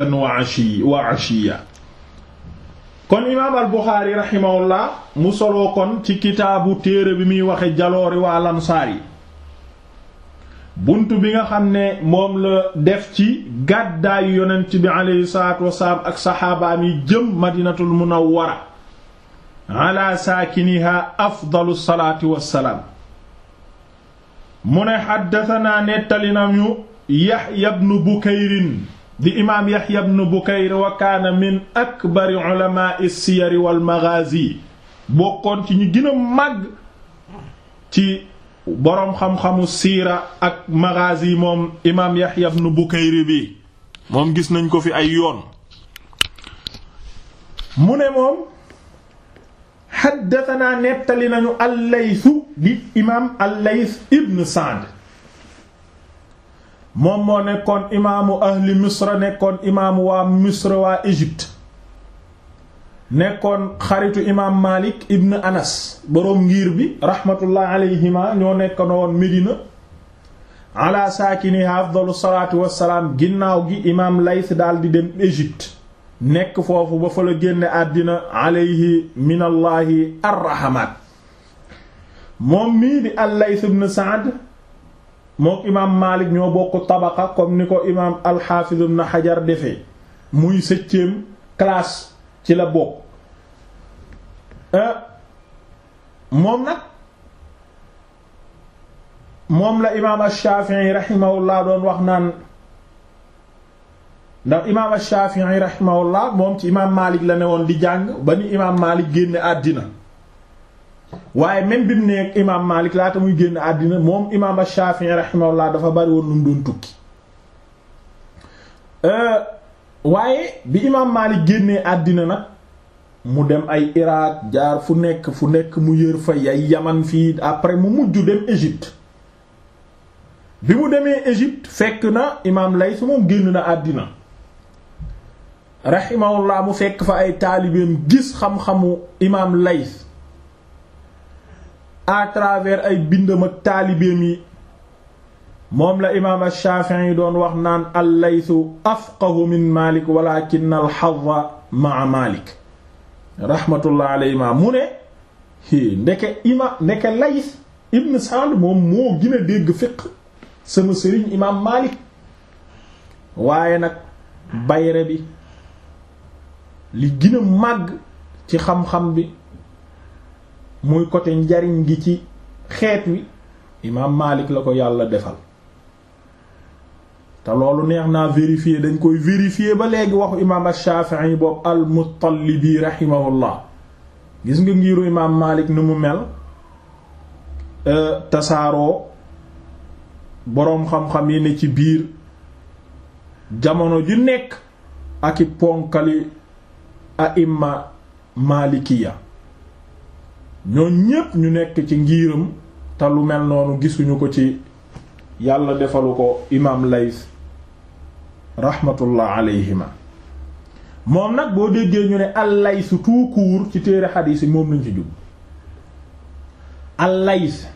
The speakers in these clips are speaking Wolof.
wa kon imaam al Buxaari mu soloo kon ci kitaabu téere bi muy waxe jaloori waa lansaar bunt bi nga xam ne moom la def ci gàddaayu yonent bi aleyhi salaatu wasalaam ak saxaabaam yi jëm madinatul munawwara ala saakiniha afdalu salaati wassalaam mu ne xaddatanaa nettali nañu yaxya bnu bukayrin di imaam Yahya ibn Bukayr wa kaana min akbari ulamaa'i siyar wal maghaazi bokkoon ci ñu gën màgg ci boroom xam-xamu siira ak maghaazi moom imaam Yahya ibn Bukayr bi moom gis nañ ko fi ay yoon mu ne moom haddathanaa nettali nañu al-Layth di imaam al-Layth ibn Sa'd moom moo nekkoon imaamu ahli misra nekkoon imaamu waa misra waa Égypte nekkoon xaritu imaam Malik ibn Anas boroom ngir bi rahmatullah alayhima ñoo nekkoon woon Medina ala afdalu salaatu wassalaam ginnaaw gi imaam Layth daal di dem Égypte nekk foofu ba fa la génne àddina alayhi minallaahi arrahamaat moom mii di al ibn Saad mook imaam Maalik ñoo bokk tabaqa comme ni ko imaam al-Hafiz ibn Hajar defee muy septième classe ci la bokk euh, moom nag moom la imaam ash-Shafi'i rahimahullah doon wax naan ndax imaam ash-Shafi'i rahimahullah moom ci imaam Maalik la ne woon di jàng ba ni imaam Maalik génne àddina waaye même bi mu nekk imaam Maalik laata muy génn àddina moom imaam Shaafi'i rahimahullah dafa bari woon lu mu doon tukki euh, waaye bi imaam Maalik génnee àddina nag mu dem ay Irak jaar fu nekk fu nekk mu yër fa Yaman fii après mu mujj dem Égypte bi mu demee Égypte fekk na imaam Layth moom génn na àddina rahimahullah mu fekk fa ay taalibeem gis xam-xamu imaam Layth à travers ay bindam ak taalibeem yi moom la imaam Shaafi'i doon wax naan al afqahu min Maalik walaakin al-hazza ma'a Maalik rahmatullah alayhima mu ne ndeke ima ndeke Layth ibn Sa'd moom moo gën dégg fiqh sama sëriñ imaam Maalik waaye nag bayre bi li gën màgg ci xam-xam bi muy côté njariñ gi ci xeet wi imaam Maalik la ko yàlla defal te loolu neex na vérifier dañ koy vérifier ba léegi waxu imaam Ash-Shafi'i boobu al-Muttalibi rahimahullah gis nga ngiru imaam Maalik ni mu mel euh, tasaaroo boroom xam-xam yi ne ci biir jamono ju nekk ak i ponkali aimma malikiya ñoo ñépp ñu nekk ci ngiiram te mel noonu gisuñu ko ci yàlla defalu ko imaam Lays rahmatullah alayhima moom nag boo déggee ñu ne al-Lays ci téere xadiis yi moom lañ ci jub al-Lays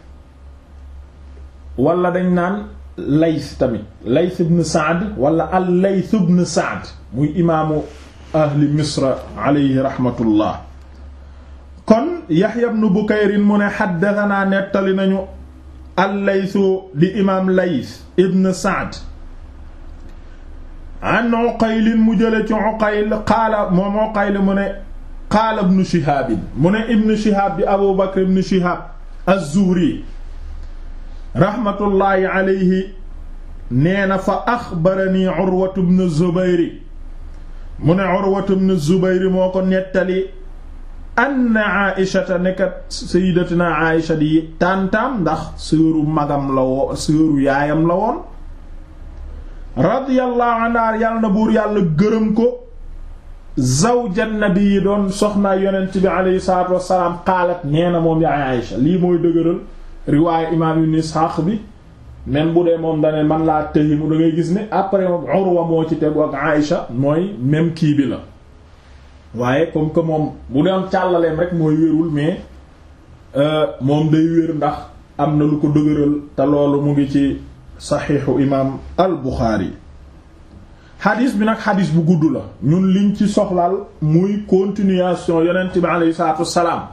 wala dañ naan Lays tamit Lays ibn Saad wala al-Lays ibn Saad muy imaamu ahli Misra alayhi rahmatullah kon Yahya ibn Bukayr mu ne haddathana nettali nañu al-Laythu di imaam Layth ibn Sa'd an Uqayl mu jële ci Uqayl qaala moom Uqayl mu ne qaala ibn Shihab mu ne ibn Shihab di Abu Bakr ibn Shihab az-Zuhri rahmatullahi alayhi nee na fa axbarani Urwatu ibn Zubayr mu ne Urwatu ibn Zubayr moo ko nettali anna Aïshata nekkat sayyidatuna Aïsha di taantaam ndax seeru magam la woo seeru yaayam la woon radiyallahu anha yàlla na buur yàlla gërëm ko zawjan nabi yi doon soxnaa yonent bi aleyhi salaatu wassalaam xaalat nee na moom yaay Aïsha lii mooy dëgëral riwaaya imaam ibn Isxaaq bi même bu dee moom dane man laa tëhimu da ngay gis ne après moom Urwa moo ci tegu ak Aïsha mooy même kii bi la waaye comme que moom bu doon càllaleem rek mooy wérul mais euh, moom day wér ndax am na lu ko dëgëral te loolu mu ngi ci saxiixu imaam al yi xadis bi nag xadis bu gudd la ñun liñ ci soxlaal muy continuation yonent bi aleyhi salaatu salaam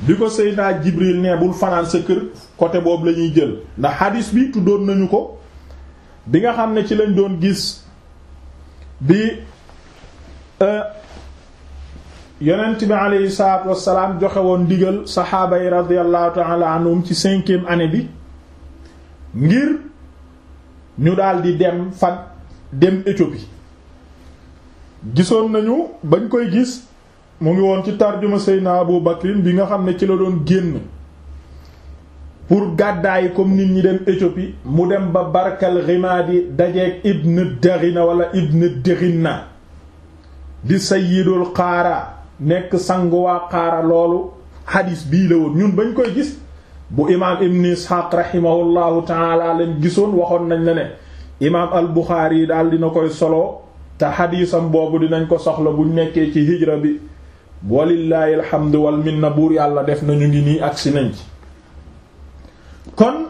bi ko Seydina Jibril ne bul fanaan sa kër côté boobu la ñuy jël ndax xadis bi tuddoon nañu ko bi nga xam ne ci lañ doon gis bi. Euh, yonent bi aleyhi salaatu wassalaam joxe woon digal saxaaba yi radiallahu taala ci cinquième année bi ngir ñu daldi dem fan dem Éthiopie gisoon nañu bañ koy gis mu ngi woon ci tarjuma Seydina Abu Bakrin bi nga xam ne ci la doon génn pour gàddaay comme nit ñi dem Éthiopie mu dem ba barkal Rimaadi dajeeg Ibn Daghina wala Ibn na di sayyidul xaaraa nekk sangu waa qaara loolu hadis bii la woon ñun bañ koy gis bu imaam ibn isxaaq rahimahullahu taala lañ gisoon waxoon nañ la ne imaam al buxaari yi daal dina koy solo te xadiisam boobu dinañ ko soxla buñ nekkee ci hijra bi walillaahi alhamdu wal minna buur yàlla def nañu ngi nii agsi nañ ci kon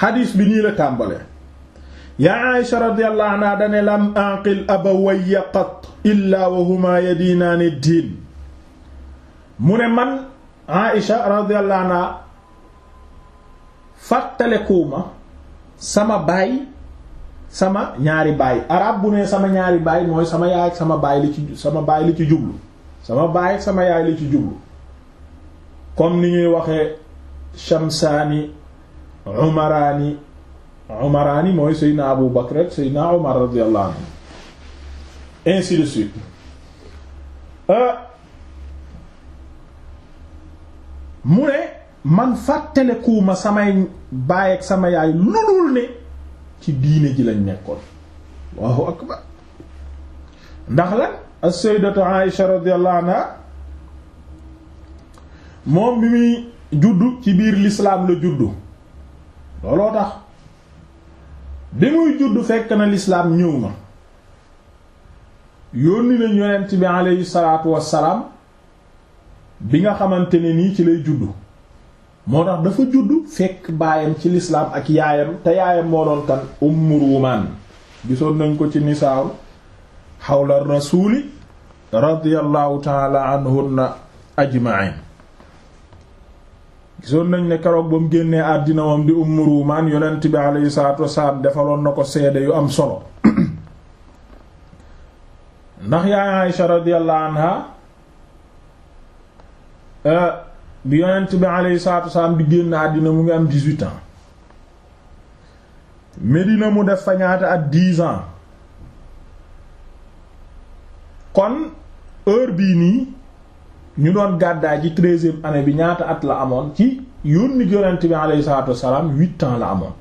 xadiis bi nii la tàmbale yaa Aysha radiyallahu anha dane lam aqil abawayya qat illaa wa huma yadinaani diin mu ne man Aysha radiyallahu anha fàttalekuuma sama baay sama ñaari baay arab bu ne sama ñaari baay mooy sama yaay ak sama baay li ci sama baay li ci jublu sama baay sama yaay li ci jublu comme ni ñuy waxee shamsaani umaraani umaraani mooy seydna abu bakr ak euh, mu ne man fàttalekuuma samay baay ak sama yaay ludul ne ci diine ji lañ nekkoon allahu akbar ndax lan as-sayyidatu Aisha radiyallahu anha moom bi muy juddu ci biir lislaam la juddu looloo tax bi muy judd fekk na lislaam ñëw na yónni nañ yonent bi aleyhi wassalaam bi nga xamante ne nii ci lay juddu moo tax dafa juddu fekk baayam ci lislaam ak yaayam te yaayam moo doon kan ummu ruumaan gisoon nañ ko ci nisaaw xawla rasuuli radiyallahu taala anhunna ajma'in gisoon nañ ne keroog ba mu génnee àddina moom di Ummu Ruumaan yonent bi alayhi salaatu wasalaam defaloon na ko seede yu am solo ndax yaay Aysha radiyallahu anha eh, bi yonent bi alayhi salaatu wasalaam di àddina mu ngi am dix Medina mu def fa ñaata at dix kon heure bii nii ñu doon gàddaay ci treizième année bi ñaata at la amoon ci yónni yonent bi alayhi salaatu wassalaam huit ans la amoon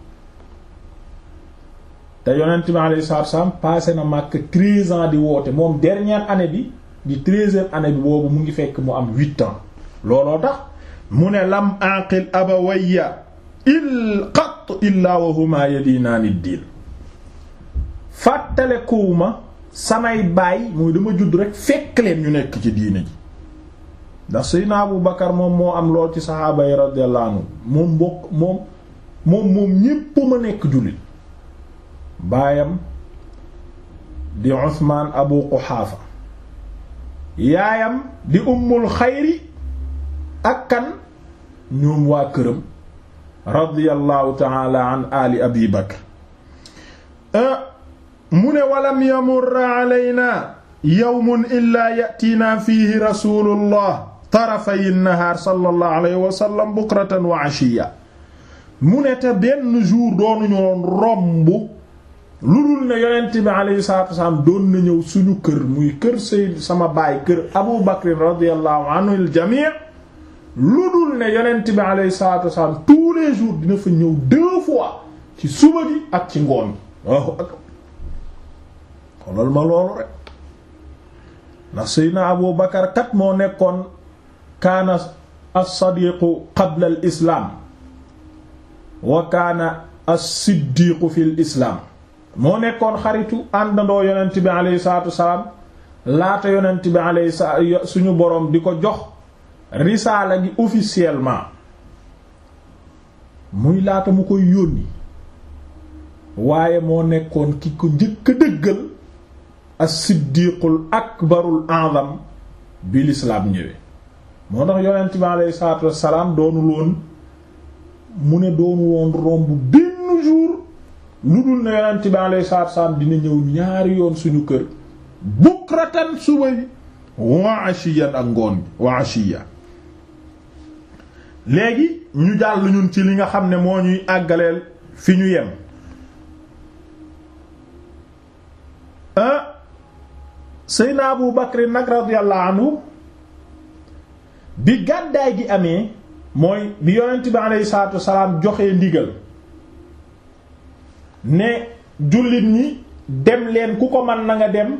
te yonent bi alayhi salaatu wassalaam passé na màkk treize ans di woote moom dernière année bi di treizième année bi boobu mu ngi fekk mu am huit ans looloo tax mu ne lam aqil abawayya il qat illaa wa huma yadinaani diin fàttalekuwuma samay baay mooy dama judd rek fekk leen ñu nekk ci diina ndax Seydina Abu Bakar moom moo am lool ci saxaaba yi radiyallahu anhu moom mbokk moom moom moom ñépp ma nekk jullit baayam di Usmaan Abu Quhaafa yaayam di ummul xayri ak kan ñoom waa këram radiyallahu ta'ala an ali abi bakr ah, mu ne walam yamurra alayna yawmun illaa ya'tiina fiihi rasulullah tarafay nahaar sallallahu alayhi wa sallam bukratan wa ashiya mu ne te benn jour doonuñu woon romb lu dul ne yonent bi alayhi salaatu wasalaam doon na ñëw suñu kër muy kër say sama baay kër Abu Bakr radiyallahu anil jamii lu dul ne yonent bi alayhi salaatu wasalaam tous les jours dina fa ñëw deux fois ci suba gi ak ci ngoon waaw xolal ma loolu rek ndax Seydina Abu Bakar kat moo nekkoon kaana as-sadiiqu qabla islaam wa kaana as-siddiiqu fi islaam moo nekkoon xaritu àndandoo yonent bi aleyhi salaatu wasalaam laata yonent bi aleyhi suñu boroom di ko jox risaala gi officiellement muy laata mu koy yónni waaye moo nekkoon ki ko njëkk a dëggal as-siddiiqul akbarul a'zam bi lislaam ñëwee moo tax yonent bi alayhi salaatu wassalaam doonul woon mu ne doonu woon romb benn jour lu dul ne yonent bi alayhi salaatu wassalaam dina ñëw ñaari yoon suñu kër bukratan suba yi wa ashiyan ak ngoon bi wa ashiya léegi ñu jàll ñun ci li nga xam ne moo ñuy àggaleel fi ñu yem ah Seydina Abu Bakr nag radiyallahu anhu bi gàddaay gi amee mooy bi yonent bi aleyhi salaatu joxe ndigal ne jullit ñi dem leen ku ko man na nga dem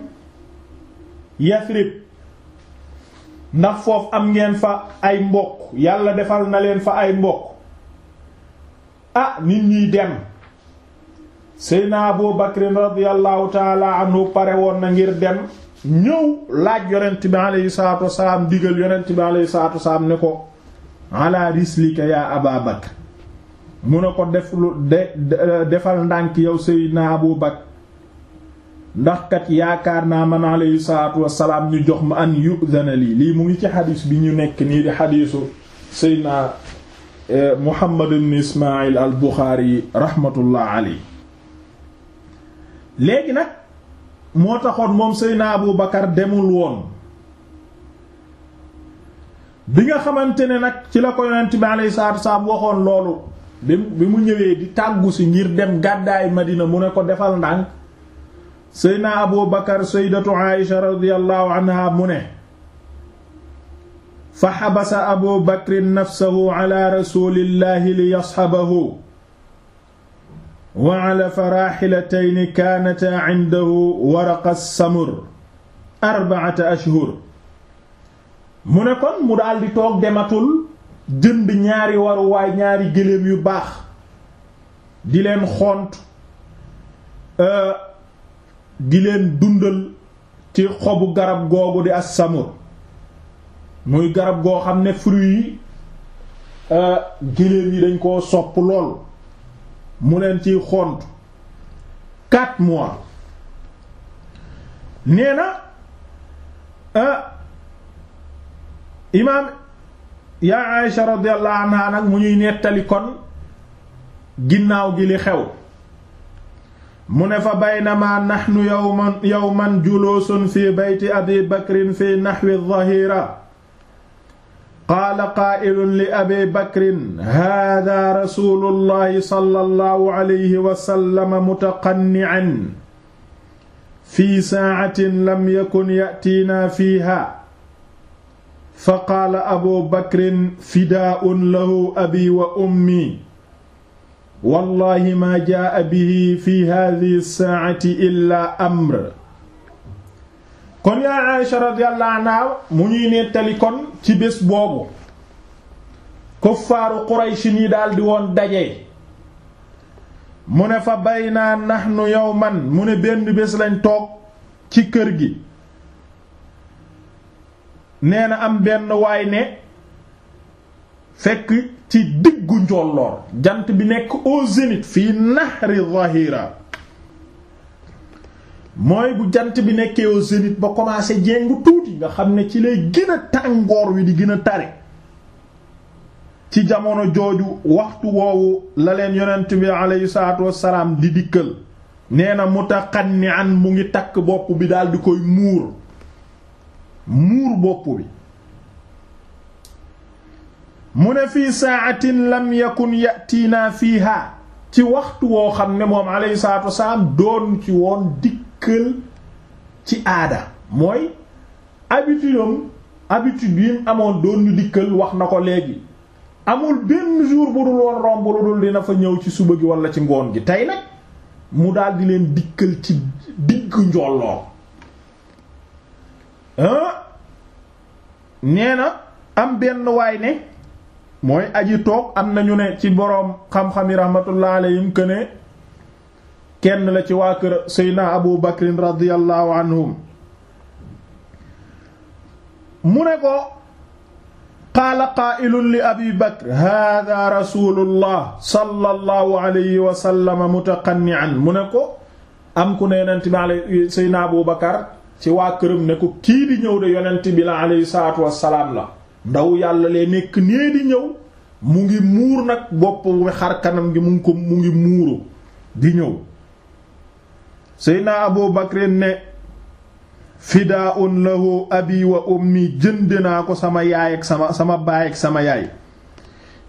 Yasrib ndax foofu am ngeen fa ay mbokk yàlla defal na leen fa ay mbokk ah nit ñiy dem Seydina Abu Bakr radiyallahu taala anhu pare woon na ngir dem ñëw laaj yonent bi alayhi salaatu wasalaam digal yonent bi alayhi salaatu wasalaam ne ko ala rislika yaa Aba mu ne ko def defal ndànk yow Seydina Abu Bakr ndax kat yaakaar naa man alayhi salaatu wasalaam ñu jox ma an yu'zana lii lii mu ngi ci xadiis bi ñu nekk nii di xadiisu na eh, Muhammad ibn Ismaayil al Buxaari rahmatullah alayhi léegi nag moo taxoon moom Seydina Abu Bakar demul woon bi nga xamante ne nag ci la ko yonent bi alayhi waxoon loolu bi mu ñëwee di tàggu si ngir dem gàddaay Madina mu ne ko defal ndànk Seydina Abu Bakar Sayyidatu Aïsha radiyallahu anha mu ne fa xabasa Abu Bakrin nafsahu ala rasulillahi li yashabahu wa ala faraxilatayni kaanata indahu waraqa samur arba'ata ashhur mu ne kon mu daldi toog dematul jënd ñaari waruwaay ñaari gëléem yu baax di leen xont euh, di leen dundal ci xobu garab googu di as-samur muy garab goo xam ne fruit yi euh, yi dañ koo sopp lool mu leen ci xont quatre mois nee na ah imaam yaa Aïsha radiyallahu anha nag mu ñuy nettali kon ginnaaw gi li xew mu ne fa baynama nahnu yawman yawman julusun fi bayti abi bakrin fi nahwi dhahira qaala qaa'ilun li abi bakrin haadaa rasuulullahi sallallahu alayhi wa sallam mutaqanni'an fii saacatin lam yakun ya'tiinaa fiihaa fa qaala abu bakrin fidaa'un lahu abii wa ummii wallaahi maa jaa'a bihi fii haadihi saacati illaa amr kon yaa Aïsha radiyallahu anha mu ñuy nettali kon ci bés boobu kuffaaru Quraysh yi daldi woon daje mu ne fa nu yow yawman mu ne benn bés lañ toog ci kër gi nee na am benn waay ne fekk ci diggu njolloor jant bi nekk au zénith fii nahri zahira mooy bu jant bi nekkee au zénith ba commencé jéngu tuuti nga xam ne ci lay gën a tàngoor wi di gën a tare ci jamono jooju waxtu woowu la leen yonent bi aleyhi salaatu wassalaam di dikkal nee na mu mutaqanni'an mu ngi takk bopp bi daal di koy muur muur bopp bi mu ne fii saatin lam yakun yatiinaa fiihaa ci waxtu woo xam ne moom aleyhi salaatu wassalaam doon ci woon dikk dëkkal ci aada mooy habitude am habitude amoon doon ñu dikkal wax na ko léegi amul benn jour bu dul woon romb lu dina fa ñëw ci suba gi wala ci ngoon gi tey nag mu daldi leen dikkal ci digg njolloor nee na am benn waay ne mooy aji toog am nañu ne ci boroom xam-xam yi rahmatullah alayhim que ne kenn la ci waa kër seydna abu bakrin radiallahu anhum mu ne ko qaala qaailun li abi bakr hada rasulullah sallallahu alayhi wa sallam mutaqanni'an mu ne ko am ku ne yonent bi ale seydna abu bakar ci waa këram ne ko kii di ñëw de yonent bi alayhi salaatu wassalaam la ndaw yàlla lee nekk nee di ñëw mu ngi muur nag bopp bi xar kanam gi mu ko mu ngi muuru di ñëw seydna abu bakrin ne fidaa'un lahu abi wa ummi jënd naa ko sama yaay ak sama sama baay ak sama yaay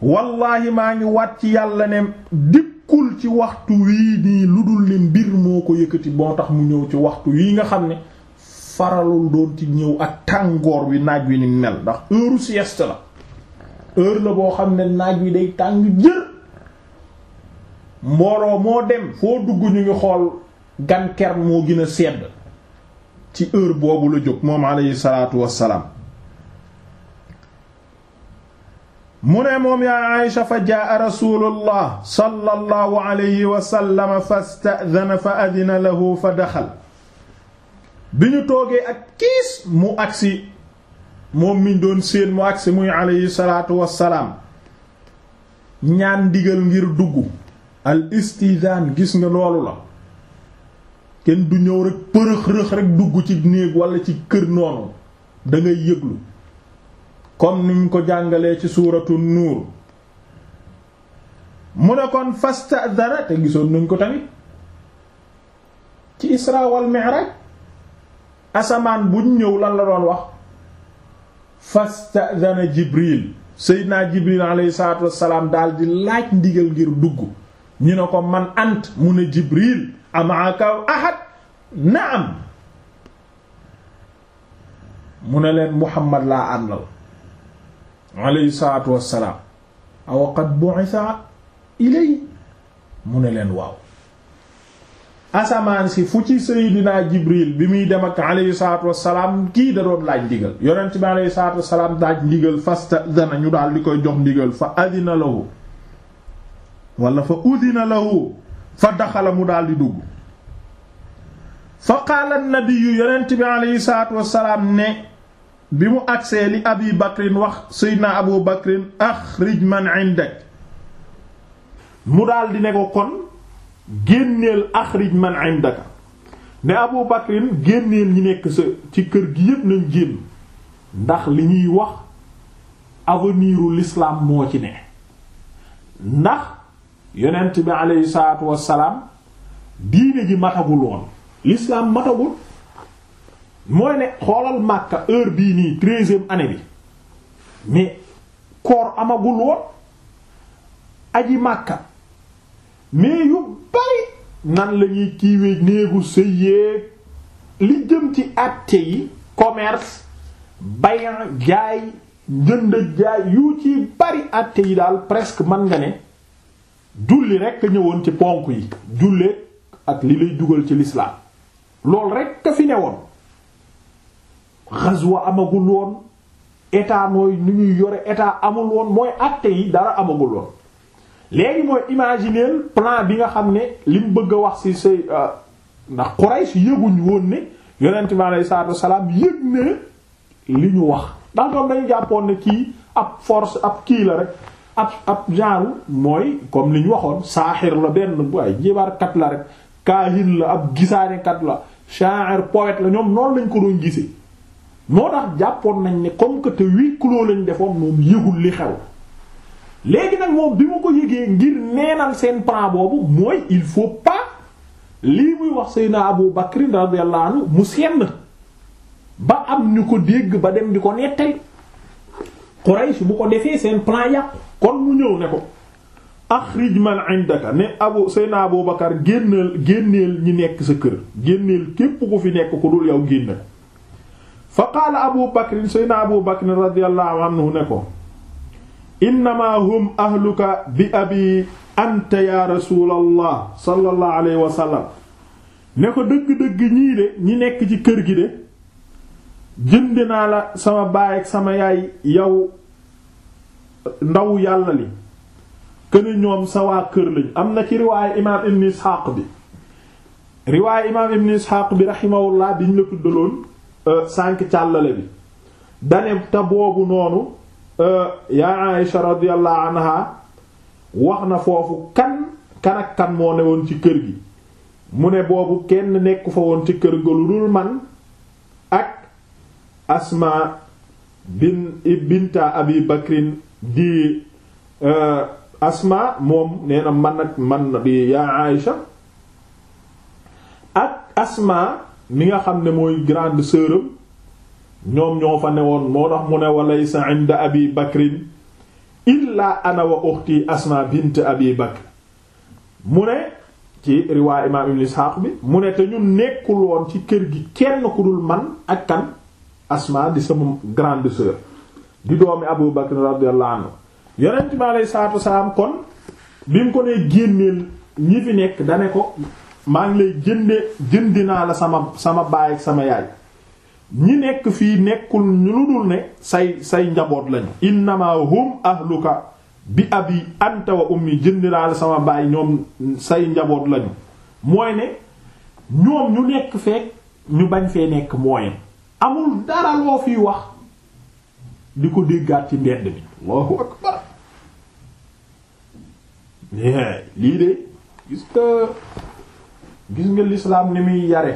wallaahi maa ngi waat ci yàlla ne dikkul ci waxtu wii nii lu dul ne mbir moo ko yëkkati boo tax mu ñëw ci waxtu wii nga xam ne faralul doon ci ñëw ak tàngoor wi naaj wi ni mel ndax heure sieste la heure la boo xam ne naaj wi day tàng jër mbooloo moo dem foo dugg ñu ngi xool gan ker moo gën a sedd ci heure boobu la jóg moom alayhi mu ne moom yaa Aysha fa jaa rasulullah sallallahu alayhi wa sallam fasta'dhana fa adina lahu fa daxal bi ñu toogee ak kiis mu agsi moom miñ doon séen mu agsi muy alayhi salaatu ñaan digal ngir dugg al istidaan gis nga loolu la kenn du ñëw rek përëx-rëx rek dugg ci néeg walla ci kër noonu dangay ngay yëglu comme niñ ko jàngalee ci suuratu nuur mu ne kon fastadana te gisoon nañ ko tamit ci isra wal mi'raj asamaan bu ñëw lan la doon wax fastadana jibril seydinaa jibril alayhi salaatu wassalaam daal di laaj ndigal ngir dugg ñu ne ko man ant mu ne jibril amaaka ahad naam mu ne leen muhammad laa àndal alayhi salaatu wassalaam aw qad bu'itha ilay mu ne leen waaw asamaan si fu ci seydinaa jibril bi muy dem ak alayhi salaatu wassalaam kii da doon laaj ndigal yonent bi alayhi salaatu wassalaam daaj ndigal fasta'dana ñu daal di koy jox ndigal fa adina lahu wala fa udina lahu fa daxala mu daal di dugg fa qaala nabiyu bi aleyhi ne bi mu agsee li abi bakrin wax seydina abu bakrin axrij man indak mu daldi ne ko kon génneel axrij man indaka ne abu génneel ñi nekk sa ci kër gi yépp nañ génn ndax li ñuy wax avenir u l'islam moo ci ne ndax yonent bi aleyhi salaatu wassalaam diine ji matagul woon l'islam matagul mooy ne xoolal Makka heure bii nii treizième année bi mais koor amagul woon aji Makka mais yu bari nan la ñuy néegu sëyeeg li jëm ci àtte yi commerce bayan jaay njënd jaay yu ci bari àtte yi daal presque man nga ne julli rekk ñëwoon ci ponk yi julle ak li lay dugal ci lislaam loolu rekk a fi newoon ghazwa amagul woon état mooy ni ñuy yore état amul woon mooy àtte yi dara amagul woon léegi mooy imaginer plan bi nga xam ne li mu bëgg a wax si say euh, ndax Quraysh yëguñu woon ne yonent bi alayhi salaatu wassalaam yëg ne li ñu wax ndax doom dañu jàppoon ne kii ab force ab kii la rek ab ab genre mooy comme li ñu waxoon saaxir la benn waaye jibaarkat la rek kaahin la ab gisaanekat la sha'ir poète la ñoom noonu lañ ko doon gisee moo tax jàppoon nañ ne comme que te huis clos lañ defoon moom yëgul li xew léegi nag moom bi mu ko yëgee ngir neenal seen plan boobu mooy il faut pas lii muy wax Seydina Abu Bakr radiyallahu anhu mu senn ba am ñu ko dégg ba dem di ko nettali Quraysh bu ko defee seen plan yàqu kon mu ñëw ne ko akhrij man indaka ne abu sayna abu bakar génneel génneel ñi nekk sa kër génneel képp ku fi nekk ku dul yow génne ko fa qaala abu bakrin sayna abu bakrin radiyallahu anhu ne ko innama hum ahluka bi abi anta ya rasulallah sallallahu alayhi wa ne ko dëgg-dëgg ñii de ñi nekk ci kër gi de jënd naa la sama baay ak sama yaay yow ndaw yàlla li këni ñoom sa kër lañ am na ci riwaaye imaam ibn isxaaq bi riwaaye imaam diñ la tuddaloon euh, sànq càllale bi dane te boobu noonu euh, yaa Aïsha radiyallahu anha wax na foofu kan kan kan moo ne woon ci kër gi mu ne boobu kenn nekku fa woon ci kër ga lu dul man ak Asma bin binta Abi Bakrin di euh, asma moom nee na man nag man di yaa Aïcha ak asma mi nga xam ne mooy grande sœur am ñoom ñoo fa newoon moo tax mu ne walaysa inda abi bakrin illa ana wa uxti asma bint abi bakr mu ne ci riwaa imaam ibn Isxaaq bi mu ne te ñu nekkul woon ci kër gi kenn ku dul man ak kan asma di sama grande sœur di doomi Abu Bakr radiyallahu anhu yonent bi alayhi salaatu kon bi mu ko nee génneel ñi fi nekk dane ko maa ngi lay jënde jëndi naa la sama sama baay ak sama yaay ñi nekk fii nekkul ñu lu dul ne say say njaboot lañu innama hum ahluka bi abi anta wa ummi jëndi naa la sama baay ñoom say njaboot lañu mooy ne ñoom ñu nekk fekk ñu bañ fee nekk mooy amul dara loo fiy wax di ko déggaat ci mbedd mi Allahu akbar lii de gis nga gis nga lislaam ni muy yare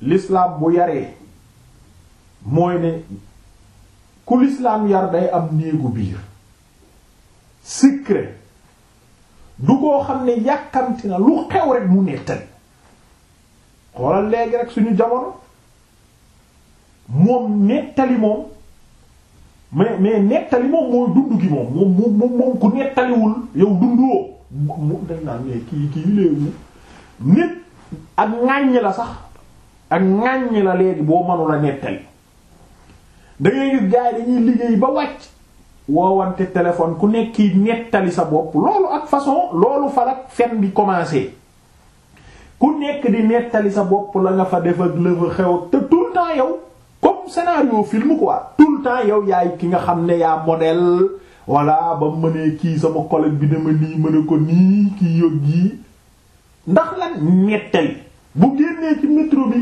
lislaam bu yaree mooy ne ku lislaam yar day am néegu biir secret du koo xam ne yàkkamti na lu xew rek mu nettali xoolal léegi rek suñu jamono moom nettali moom mais mais nettali moom mooy dund gi moom moom moom ku nettaliwul yow dundoo mu dañ naan ne kii kii léegi nit ak ŋàññ la sax ak ŋàññ la léegi boo mënula nettali da ngay gis gars yi dañuy liggéey ba wàcc woowante téléphone ku nekk kii nettali sa bopp loolu ak façon loolu fa la fen bi commencé ku nekk di nettali sa bopp la nga fa def ak la fa xew te tout le temps yow. comme scénario film quoi le temps yow yaay ki nga xam ne yaa modèle voilà ba mu mënee kii sama collègue bi dama nii mën a ko nii kii yóggi ndax la nettali bu génnee ci métro bi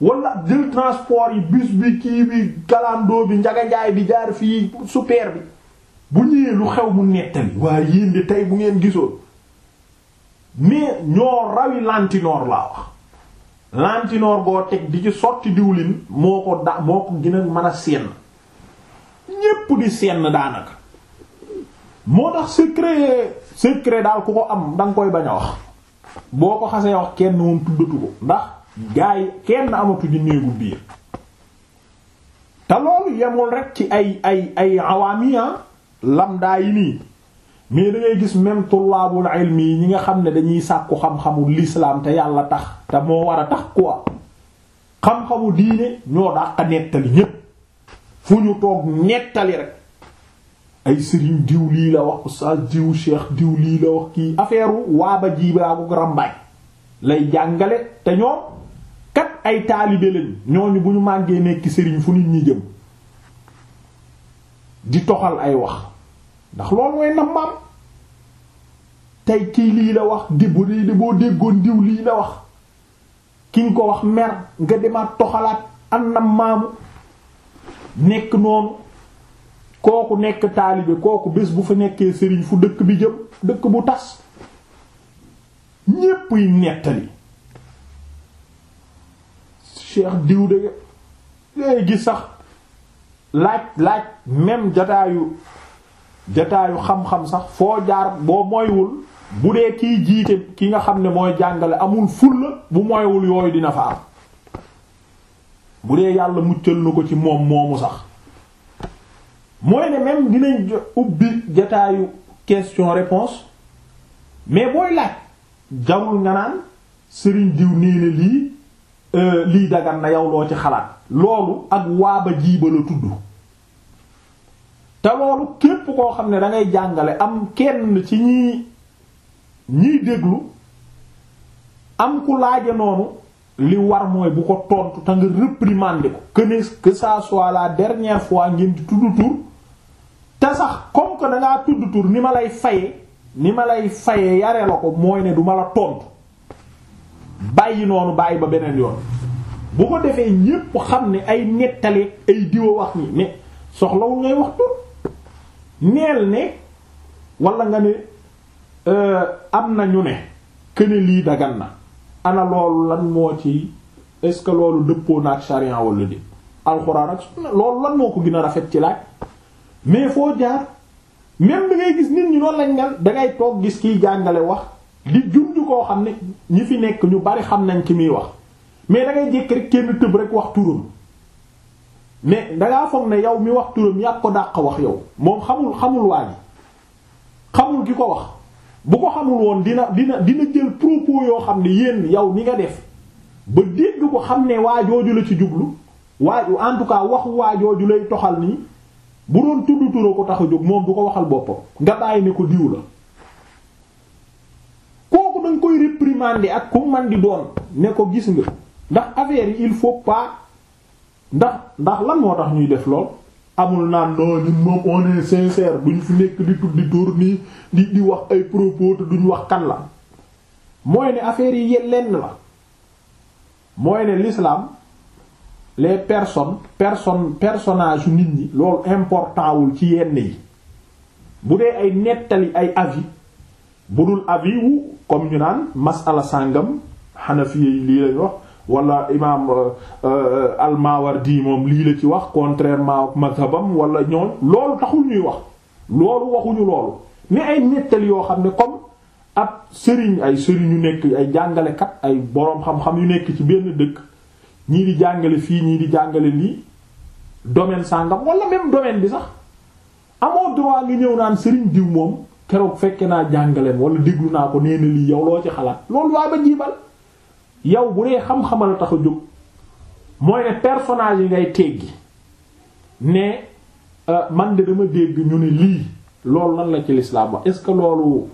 wala jël transport yi bus bi kii bi galandoo bi njaga bi jaar fii super bi bu ñëwee lu xew bu nettali waaye yéen di tey bu ngeen gisoon mais ñoo rawi lantinoor laa wax lantinoor goo teg di ci sotti diwlin moo ko da moo ko gën mën a seen ñépp di seen daanaka moo tax secret secret daal ku ko am da koy bañ a wax boo ko xasee wax kenn moom tuddatu ko ndax gaa yi kenn amatu di néegu biir te loolu yemul rek ci ay ay ay awaamiya ah, lamdaa yi nii mais dangay gis même tullaabul ilmi yi ñi nga xam ne dañuy sàkku xam-xamu l'islam te yàlla tax te moo war a tax quoi xam-xamu diine ñoo dàq nettali ñépp fu ñu toog nettali rek ay sëriñ diw lii la wax oustaz diw cheikh diw lii la wax kii affaire waaba jiibaagu rambaay lay jàngale te ñoom kat ay taalibe lañ ñooñu bu ñu màggee nekk sëriñ fu nit ñi jëm di toxal ay wax ndax loolu mooy nam maam tey kii lii la wax di bu di boo déggoon diw lii la wax ki nga ko wax mer nga demaat toxalaat am nam maamu nekk noonu kooku nekk taalibe kooku bés bu fa nekkee sëriñ fu dëkk bi jëm dëkk bu tas ñépp yi nettali cheikh diw de léegi sax laaj laaj même jataayu jataayu xam-xam sax foo jaar boo moywul bu dee kiy jiite ki nga xam ne mooy jàngale amul fulla bu moywul yooyu dina fa am bu dee yàlla muccal na ko ci moom moomu sax mooy ne même dinañ ubbi jataayu question réponse mais booy laaj jarul nga naan sëriñ diw nee na lii euh, lii dagan na yow loo ci xalaat loolu ak waaba jiiba la tudd te loolu képp koo xam ne dangay jàngale am kenn ci ñi ñuy déglu am ku laaja noonu li war mooy bu ko tontu te nga réprimander ko que que ça soit la dernière fois ngeen di tudd tur te sax comme que da tudd tur ni ma lay faye ni ma lay faye yare la ko mooy ne du ma la tontu bàyyi noonu bàyyi ba beneen yoon bu ko defee ñépp xam ne ay nettali ay diwa wax ni mais soxlawul ngay wax tur neel ne walla nga ne euh, am na ñu ne këne lii dagan na ana loolu lan moo ci est-ce que loolu dëppoo na ak sharia wala di alxuraan ak sunna loolu lan moo ko gën a rafet ci laaj mais foo jaar même bi ngay gis nit ñi noonu la ngal dangay toog gis kiy jàngale wax di junj koo xam ne ñi fi nekk ñu bari xam nañ ki muy wax mais dangay jékk rek kenn tëb rek wax turam mais dangaa foog ne yow mi wax turam yàgg ko dàq wax yow moom xamul xamul waa ji xamul ki ko wax bu ko xamul woon dina dina dina jël propos yoo xam ne yéen yow ni nga def ba dégg ko xam ne waa jooju la ci jublu waa en tout cas wax waa jooju lay toxal nii bu doon tudd tura ko tax a jóg moom du ko waxal boppam nga bàyyi ne ko diw la kooku danga koy réprimander ak ku man di doon ne ko gis nga ndax affaire yi il faut pas ndax ndax lan moo tax ñuy def lool amul naan non ñun moom on est sincère fi nekk di tuddi di di wax ay propos te duñ wax kan la mooy ne affaire yi lenn la mooy ne lislaam les personnes personne personnage nit ñi loolu important wul ci yenn yi bu dee ay nettali ay avis bu dul avis wu comme ñu naan masala sàngam xanafiye yi lii lañ wax wala imaam euh, euh, al-Mawardi moom lii la ci wax contrairement ak mazhabam wala ñoom loolu taxul ñuy wax loolu waxuñu loolu mais ay nettali yoo xam ne comme ab sëriñ ay sëriñ yu nekk ay jàngalekat ay boroom xam-xam yu nekk ci benn dëkk ñii di jàngale fii ñii di jàngale lii domaine sàngam wala même domaine bi sax amoo droit nga ñëw naan sëriñ diw moom keroog fekke naa jàngaleem wala diglu naa ko nee na lii yow loo ci xalaat loolu waa ba jiibal. yow bu dee xam-xama la tax a jóg mooy ne personnage yi ngay teggi ne euh, man de dama dégg ñu ne lii loolu lan la ci lislaam wax est-ce que loolu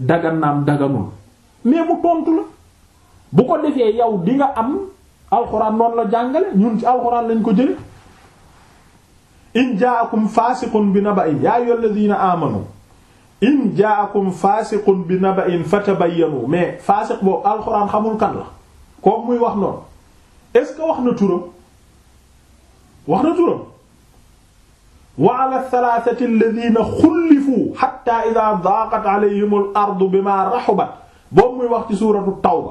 dagan naam daganul mais mu pont la bu ko defee yow di nga am alxuraan noonu la jàngale ñun ci alxuraan lañ ko jële in jaakum faasiqun bi na ba naba'in yaa ayyuhal ladina amanu in jaakum faasiqun bi naba'in fatabayyanu mais faasiq boobu alxuraan xamul kan la koom muy wax noonu est-ce que wax na turam wax na turam wa ala thalathati alladhina xullifu hatta idha daqat alayhim al ardu bima rahubat boobu muy wax ci suuratu tawba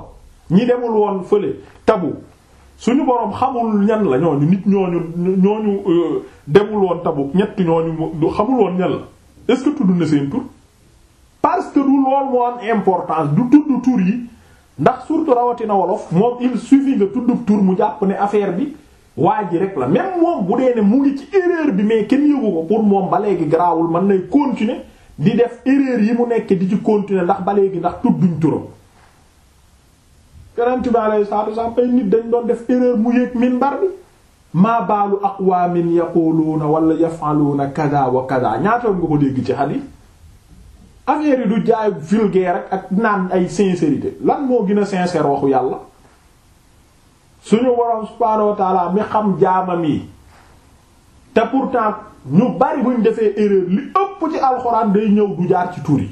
ñi demul woon fële tabu suñu boroom xamul ñan la ñooñu nit ñooñu ñooñu euh, demul woon tabu ñett ñooñu xamul woon ñan la est tudd na seen tur parce que du moo am importance du tudd tur yi ndax surtout rawatina wolof moom il suffit nga tuddub tur mu jàpp ne affaire bi waa ji rek la même moom bu dee ne mu ngi ci erreur bi mais kenn yëgu ko pour moom ba léegi garaawul man nay continuer di def erreur yi mu nekkee di ci continuer ndax ba léegi ndax tudduñ turam. yonent bi alayhi salaatu wasallam ay nit dañ doon def erreur mu yéeg minbar bi maa baalu aqwaamin yaquluuna wala yaf'aluuna kaza wa kaza ñaata nga ko dégg ci hadith affaire yi du jaay vulgaire rek ak naan ay sincérité lan moo gën a waxu yàlla suñu borom subhaanahu wa mi xam jaamam yi te pourtant ñu bari buñ defee erreur li ëpp ci alxuraan day ñëw du jaar ci tur yi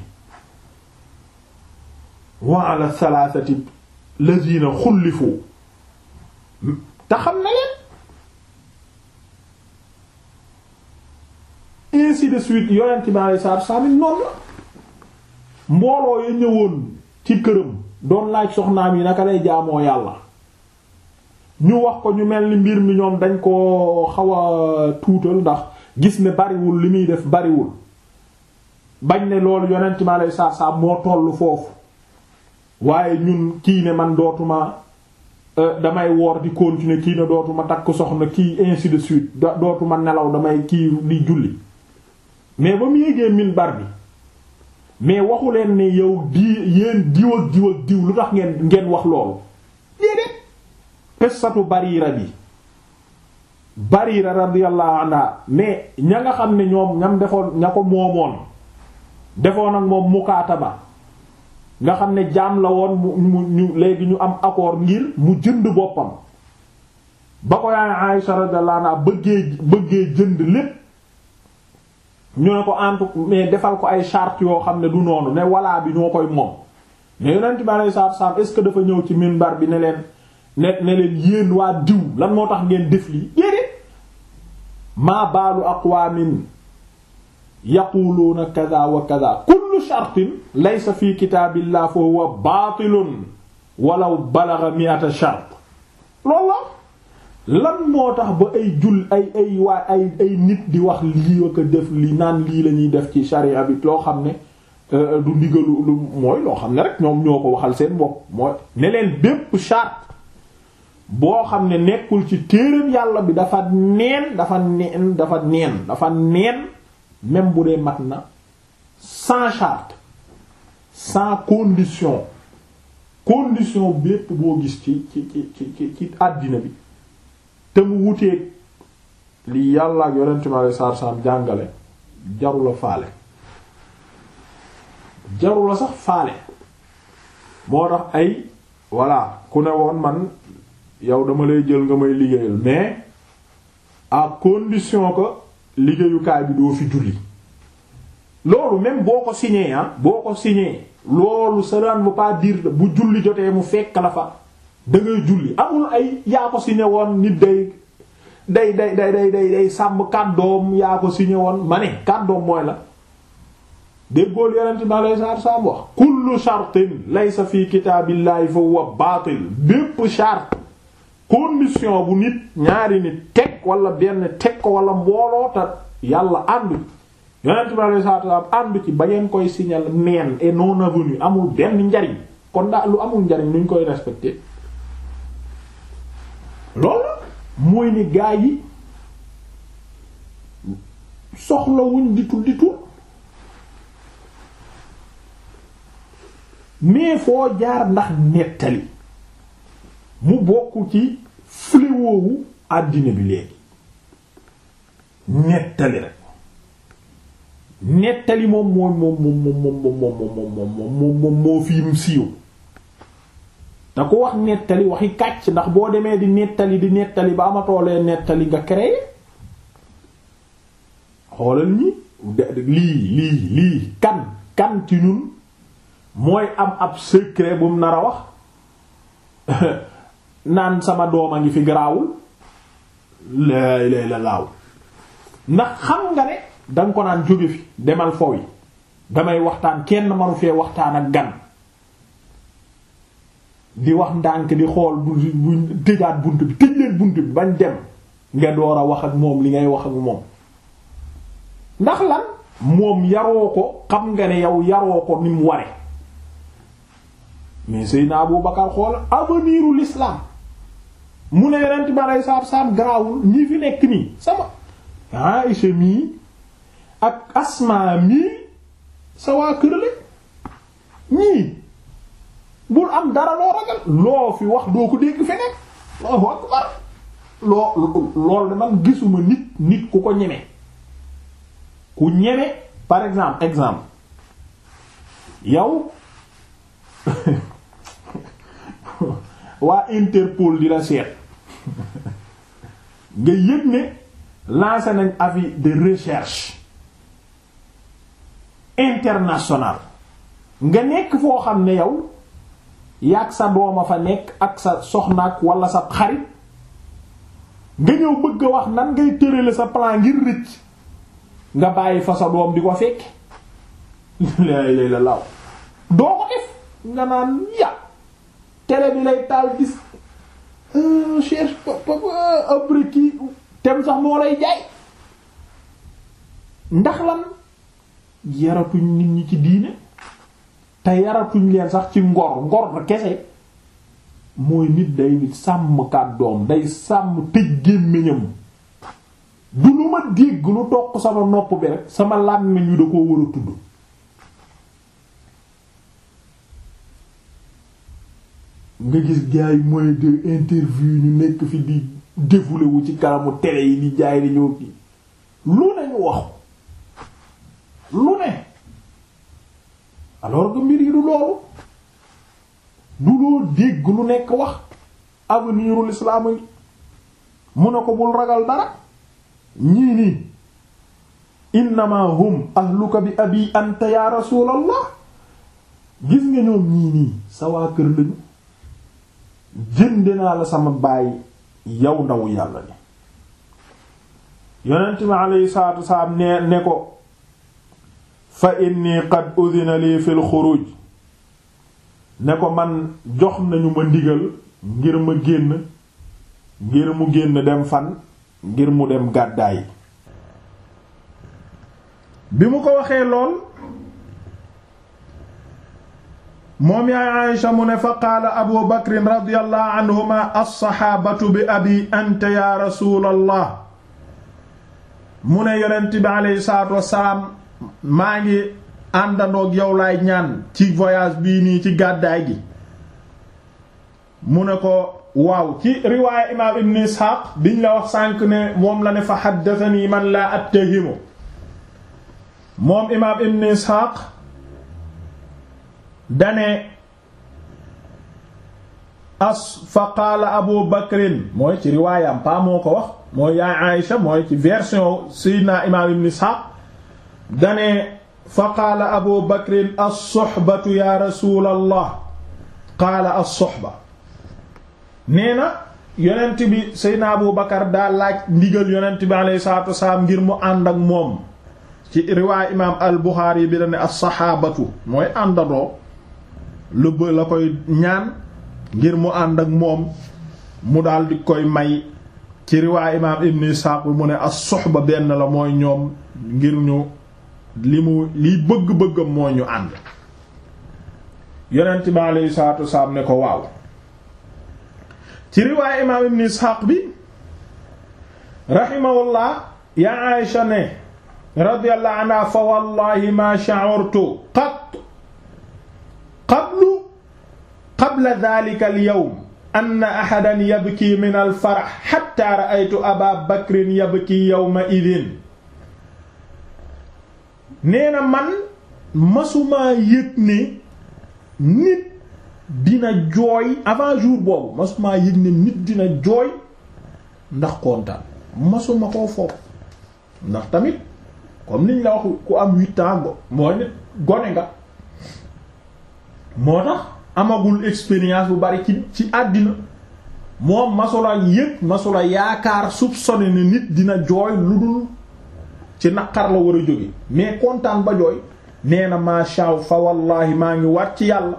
wa ala salasati lazina xullifu te xam na leen ainsi de suite yonent bi alayhi salaatu wa noonu mbooloo ya ñëwoon ci këram doon laaj soxnaam yi naka lay jaamoo yàlla ñu wax ko ñu mel ni mbir mi ñoom dañ ko xaw a tuutal ndax gis ne bariwul li muy def bariwul bañ ne loolu yonent ma lay saa saa moo tollu foofu waaye ñun kii ne man dootuma euh, damay woor di continuer kii ne dootuma takk soxna kii ainsi de suite dootuma nelaw damay kii di julli mais ba mu yéegee minbar bi mais waxu leen ne yow di yéen diw ak diw ak diw lu tax ngeen ngeen wax loolu déedéet qissatu barira bi barira radiyallahu anha mais ña nga xam ne ñoom ñam defoon ña ko moomoon defoon ak moom ba nga xam ne jaam la woon mu ñu léegi ñu am accord ngir mu jënd boppam ba ko yaay Aisha radiyallahu anha bëggee bëggee jënd lépp ñu ne ko entre mais defal ko ay charte yoo xam ne du noonu ne walaa bi ñoo koy moom mais yonent bi alei salatu salaam est-ce dafa ñëw ci min minbar bi ne leen ne ne leen yéen waa diw lan moo tax ngeen def lii yéedée maa baalu aqwaamin yaquluuna kaza wa kaza kullu shartin laysa fi kitaabillah fa huwa baatilun walaw balagha mi'ata shart loolu la lan moo tax ba ay jul ay ay waa ay ay nit di wax lii wa def li naan lii lañuy def ci charia bi loo xam ne euh, du ndigalu lu mooy loo xam ne rek ñoom ñoo ko waxal seen bopp mooy ne bépp charte boo xam ne nekkul ci téereem yàlla bi dafa neen dafa neen dafa neen dafa neen même bu dee mat na sans charte sans condition condition bépp boo gis ci ci ci ci àddina bi te mu li yàlla ak yonent mi alayhi salaatu salaam jàngale jarula faale jarula sax faale moo tax ay voilà ku ne woon man yow dama lay jël nga may liggéeyal mais à condition que liggéeyukaay bi doo fi julli loolu même boo ko signé ah boo ko signé loolu ça ne veut pas dire bu julli jotee mu fekk la fa da ngay julli amul ay yaa ko signé woon nit day day day day day day day sàmm kàddoom yaa ko signé woon ma ne kàddoom mooy la déggool yonente bi alei salatu salaam wax kullu shartin laysa fi kitaabillahi fa huwa baatil bépp charte condition bu nit ñaari nit teg wala benn teg ko wala mbooloo ta yàlla àndu ci yonente bi alei salatu àndu ci ba ngeen koy signal neen et non avenu amul benn njariñ kon daa lu amul njariñ nuñ koy respecté mooy ne gaa yi soxlawuñ di tuddi tur mais foo jaar ndax nettali mu bokk ci fléwoowu àddina bi léegi nettali rek nettali moom moom moom moom moom moom moom moom moom moom moom moo fi mu siiw na ko wax nettali waxi kàcc ndax boo demee di nettali di nettali ba toolee nettali nga créé xoolal ñi lii lii kan kan ci ñun mooy am ab secret bu mu nar a wax naan sama doom a ngi fi garaawul lay lay la laaw ndax xam nga ne danga ko naan jóge fi demal fowi damay waxtaan kenn manu fee waxtaan ak gan di wax ndànk di xool buñ tëjaat bunt bi tëj leen bunt bi bañ dem nga door a wax ak moom li ngay wax ak moom ndax lan moom yaroo ko xam nga ne yow yaroo ko ni mu ware mais Seydina Abu Bakar xool aveniru l'islam mu ne yonent bi alei saatu salaam garawul ñi fi nekk nii sama Aïcha mii ak Asma mii sa kër la ñii bul am dara loo ragal loo fi wax doo ko dégg feneen loo loolu man gisuma nit nit ku ko ñeme ku ñeme par exemple exemple yow waa Interpol di la seet nga yëg ne lancé nañ avis de recherche internationale nga nekk foo xam ne yow yàgg sa dooma fa nekk ak sa soxnaak walla sa xarit nga ñëw bëgg a wax nan ngay tërale sa plan ngir rëcc nga bàyyi fa sa doom di ko fekk doo ko def nga naan ya télé bi lay taal gis euh, cherche papa après kii tem sax moo lay jaay ndax lan yaratuñ nit ñi ci diine te yaratuñ leen sax ci ngor ngor kese mooy nit day nit sàmm kàddoom day sàmm tëj gémmiñam du lu ma dégg lu toq sama nopp bi rek sama làmmiñ wi da koo war a tudd nga gis gars yi mooy de interview ñu nekk fi di défulé ci kanamu télé yi di jaay di kii lu ne ñu wax lu ne alors que mbir yi du loolu du loo dégg lu nekk wax avenirul islaam ngi mu ne ko bul ragal dara ñii nii ahluka bi abi anta ya rasulallah gis nga ñoom ñii nii kër lañu jënde naa la sama baay yow ndaw yàlla ni yonent mi salaatu wasalaam ne ne ko fa inni qad udina fil xuruj ne ko man jox nañu ma ndigal ngir ma génn ngir mu génn dem fan ngir mu dem gàddaay bi mu ko waxee lool moom yaay Aïsha mu ne fa qaala abu bakrin radiyallahu anhuma alsaxaabatu bi abi anta ya rasulallah mu ne yonent bi aleyhi salaatu wassalaam maa ngi àndandoo yow laay ñaan ci voyage bii nii ci gàddaay gi mu ne ko waaw ci riwaaya imaam ibn Isxaaq biñ la wax sànq ne moom la ne fa haddathani man laa attahimu moom imaam ibn Isxaaq dane as Abu Bakrin mooy ci riwaayam pa moo ko wax mooy yaay Aïsha mooy ci version Seydina imaam ibn Isxaaq dane fa qaala abu bakrin alsoxbatu ya rasul allah qaala alsoxba nee na yonent bi seydna abu bakar daa laaj ndigal yonent bi aleyhi salatu wasalaam ngir mu ànd ak moom ci riwaay imaam al buxaari bi dane alsaxaabatu mooy àndandoo lu ba la koy ñaan ngir mu ànd ak moom mu daal di koy may ci riwaay imaam ibn isaaq mu ne alsoxba benn la mooy ñoom ngir ñu li mu liy bëgg-bëggam mooy ñu ànd yonent bi alayhi salaatu wasalaam ne ko waaw ci riwaaya imaam ibn Isxaaq bi rahimahullah yaa Aysha ne radiyallahu anha fa wallahi ma sha'urtu qat qablu qabla dhalika al-yawm anna ahadan yabki min al-farah hatta ra'aytu Aba Bakrin yabki yawma idhin nee na man masumaa yëg ne nit dina jooy avant jour boobu masumaa yëg ne nit dina jooy ndax kontaan masuma koo foog ndax tamit comme niñ la wax ku am huit ans mooy nit gone nga moo tax amagul expérience bu bari ci ci àddina moom masula yëg masula yaakaar soupçonné ne nit dina jooy lu dul ci naqar la war a jóge mais kontaan ba jooy nee na macha fa wallahi maa ngi war ci yàlla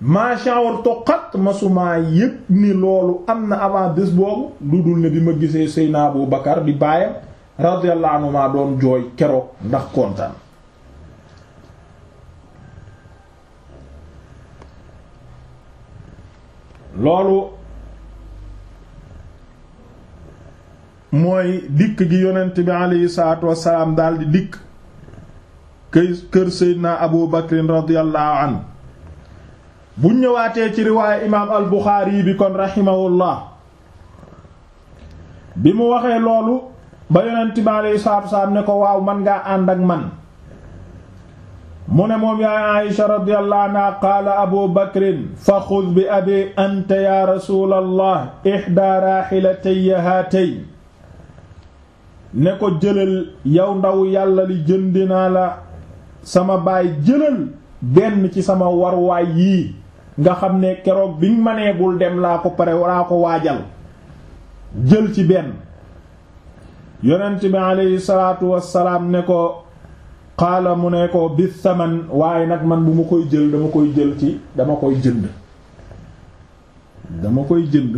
macha toqat masumaa yëg ni loolu am na avant bés boobu lu dul ne bi ma gisee Seyna Abu Bakar di baayam radiyallahu anhu doon jooy keroog ndax kontaan. mooy dikk gi yonent bi aleyhi salaatu wassalaam daldi dikk kër seydina abu bakrin radiyallahu anhu bu ñëwaatee ci riwaaye imaam al bi kon rahimahullah bi mu waxee loolu ba yonent bi aleyhi salaatu wassalaam ne ko waaw man ngaa ànd ak man mu ne moom yaa Aïsha radiyallahu anha qaala Abu Bakrin fa xud bi abi anta yaa rasuulallah ihdaa raaxilatayya haatayn ne ko jëlal yow ndaw yàlla li jëndi naa la sama baay jëlal benn ci sama warwaay yii nga xam ne keroog biñ ma bul dem laa ko pare laa ko waajal jël ci benn yonent bi aleyhi salaatu wassalaam ne ko xaala mu ne ko bi saman waaye nag man bu ma koy jël dama koy jël ci dama koy jënd dama koy jënd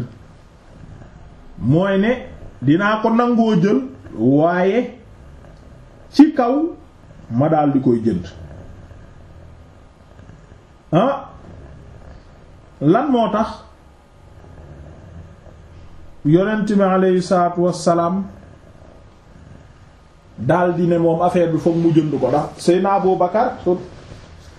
mooy ne dinaa ko nangoo jël waaye ci kaw ma daal di koy jënd ah lan moo tax yonent mi aleyhi salaatu wassalaam daal di ne moom affaire bi foog mu jënd ko ndax Seydina Abu Bakar so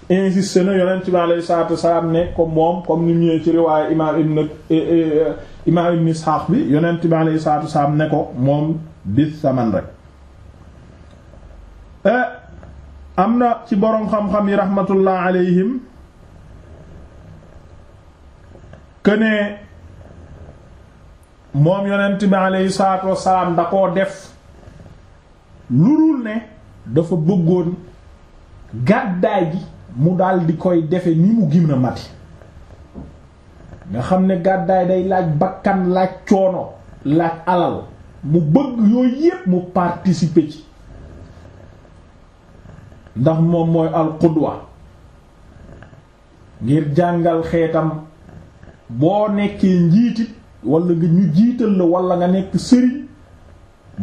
insisté na yonent mi aleyhi salaatu wassalaam ne comme moom comme ni ñëwee ci riwaaye imaam ibn eh, eh, imaam ibn Ishaq bi yonent mi aleyhi salaatu wassalaam ne ko moom bis saman rek eh, am na ci boroom xam-xam yi rahmatullah alayhim kënee moom yonent bi alayhi salaatu wassalaam da koo def lu dul ne dafa bëggoon gàddaay gi mu dal di koy defe ni mu gën mati nga xam ne gàddaay day laaj bakkan laaj coono laaj alal mu bëgg yooyu yépp mu participer ci ndax moom mooy alxudwa ngir jàngal xeetam boo nekkee njiitit wala nga ñu jiital la wala nga nekk sëriñ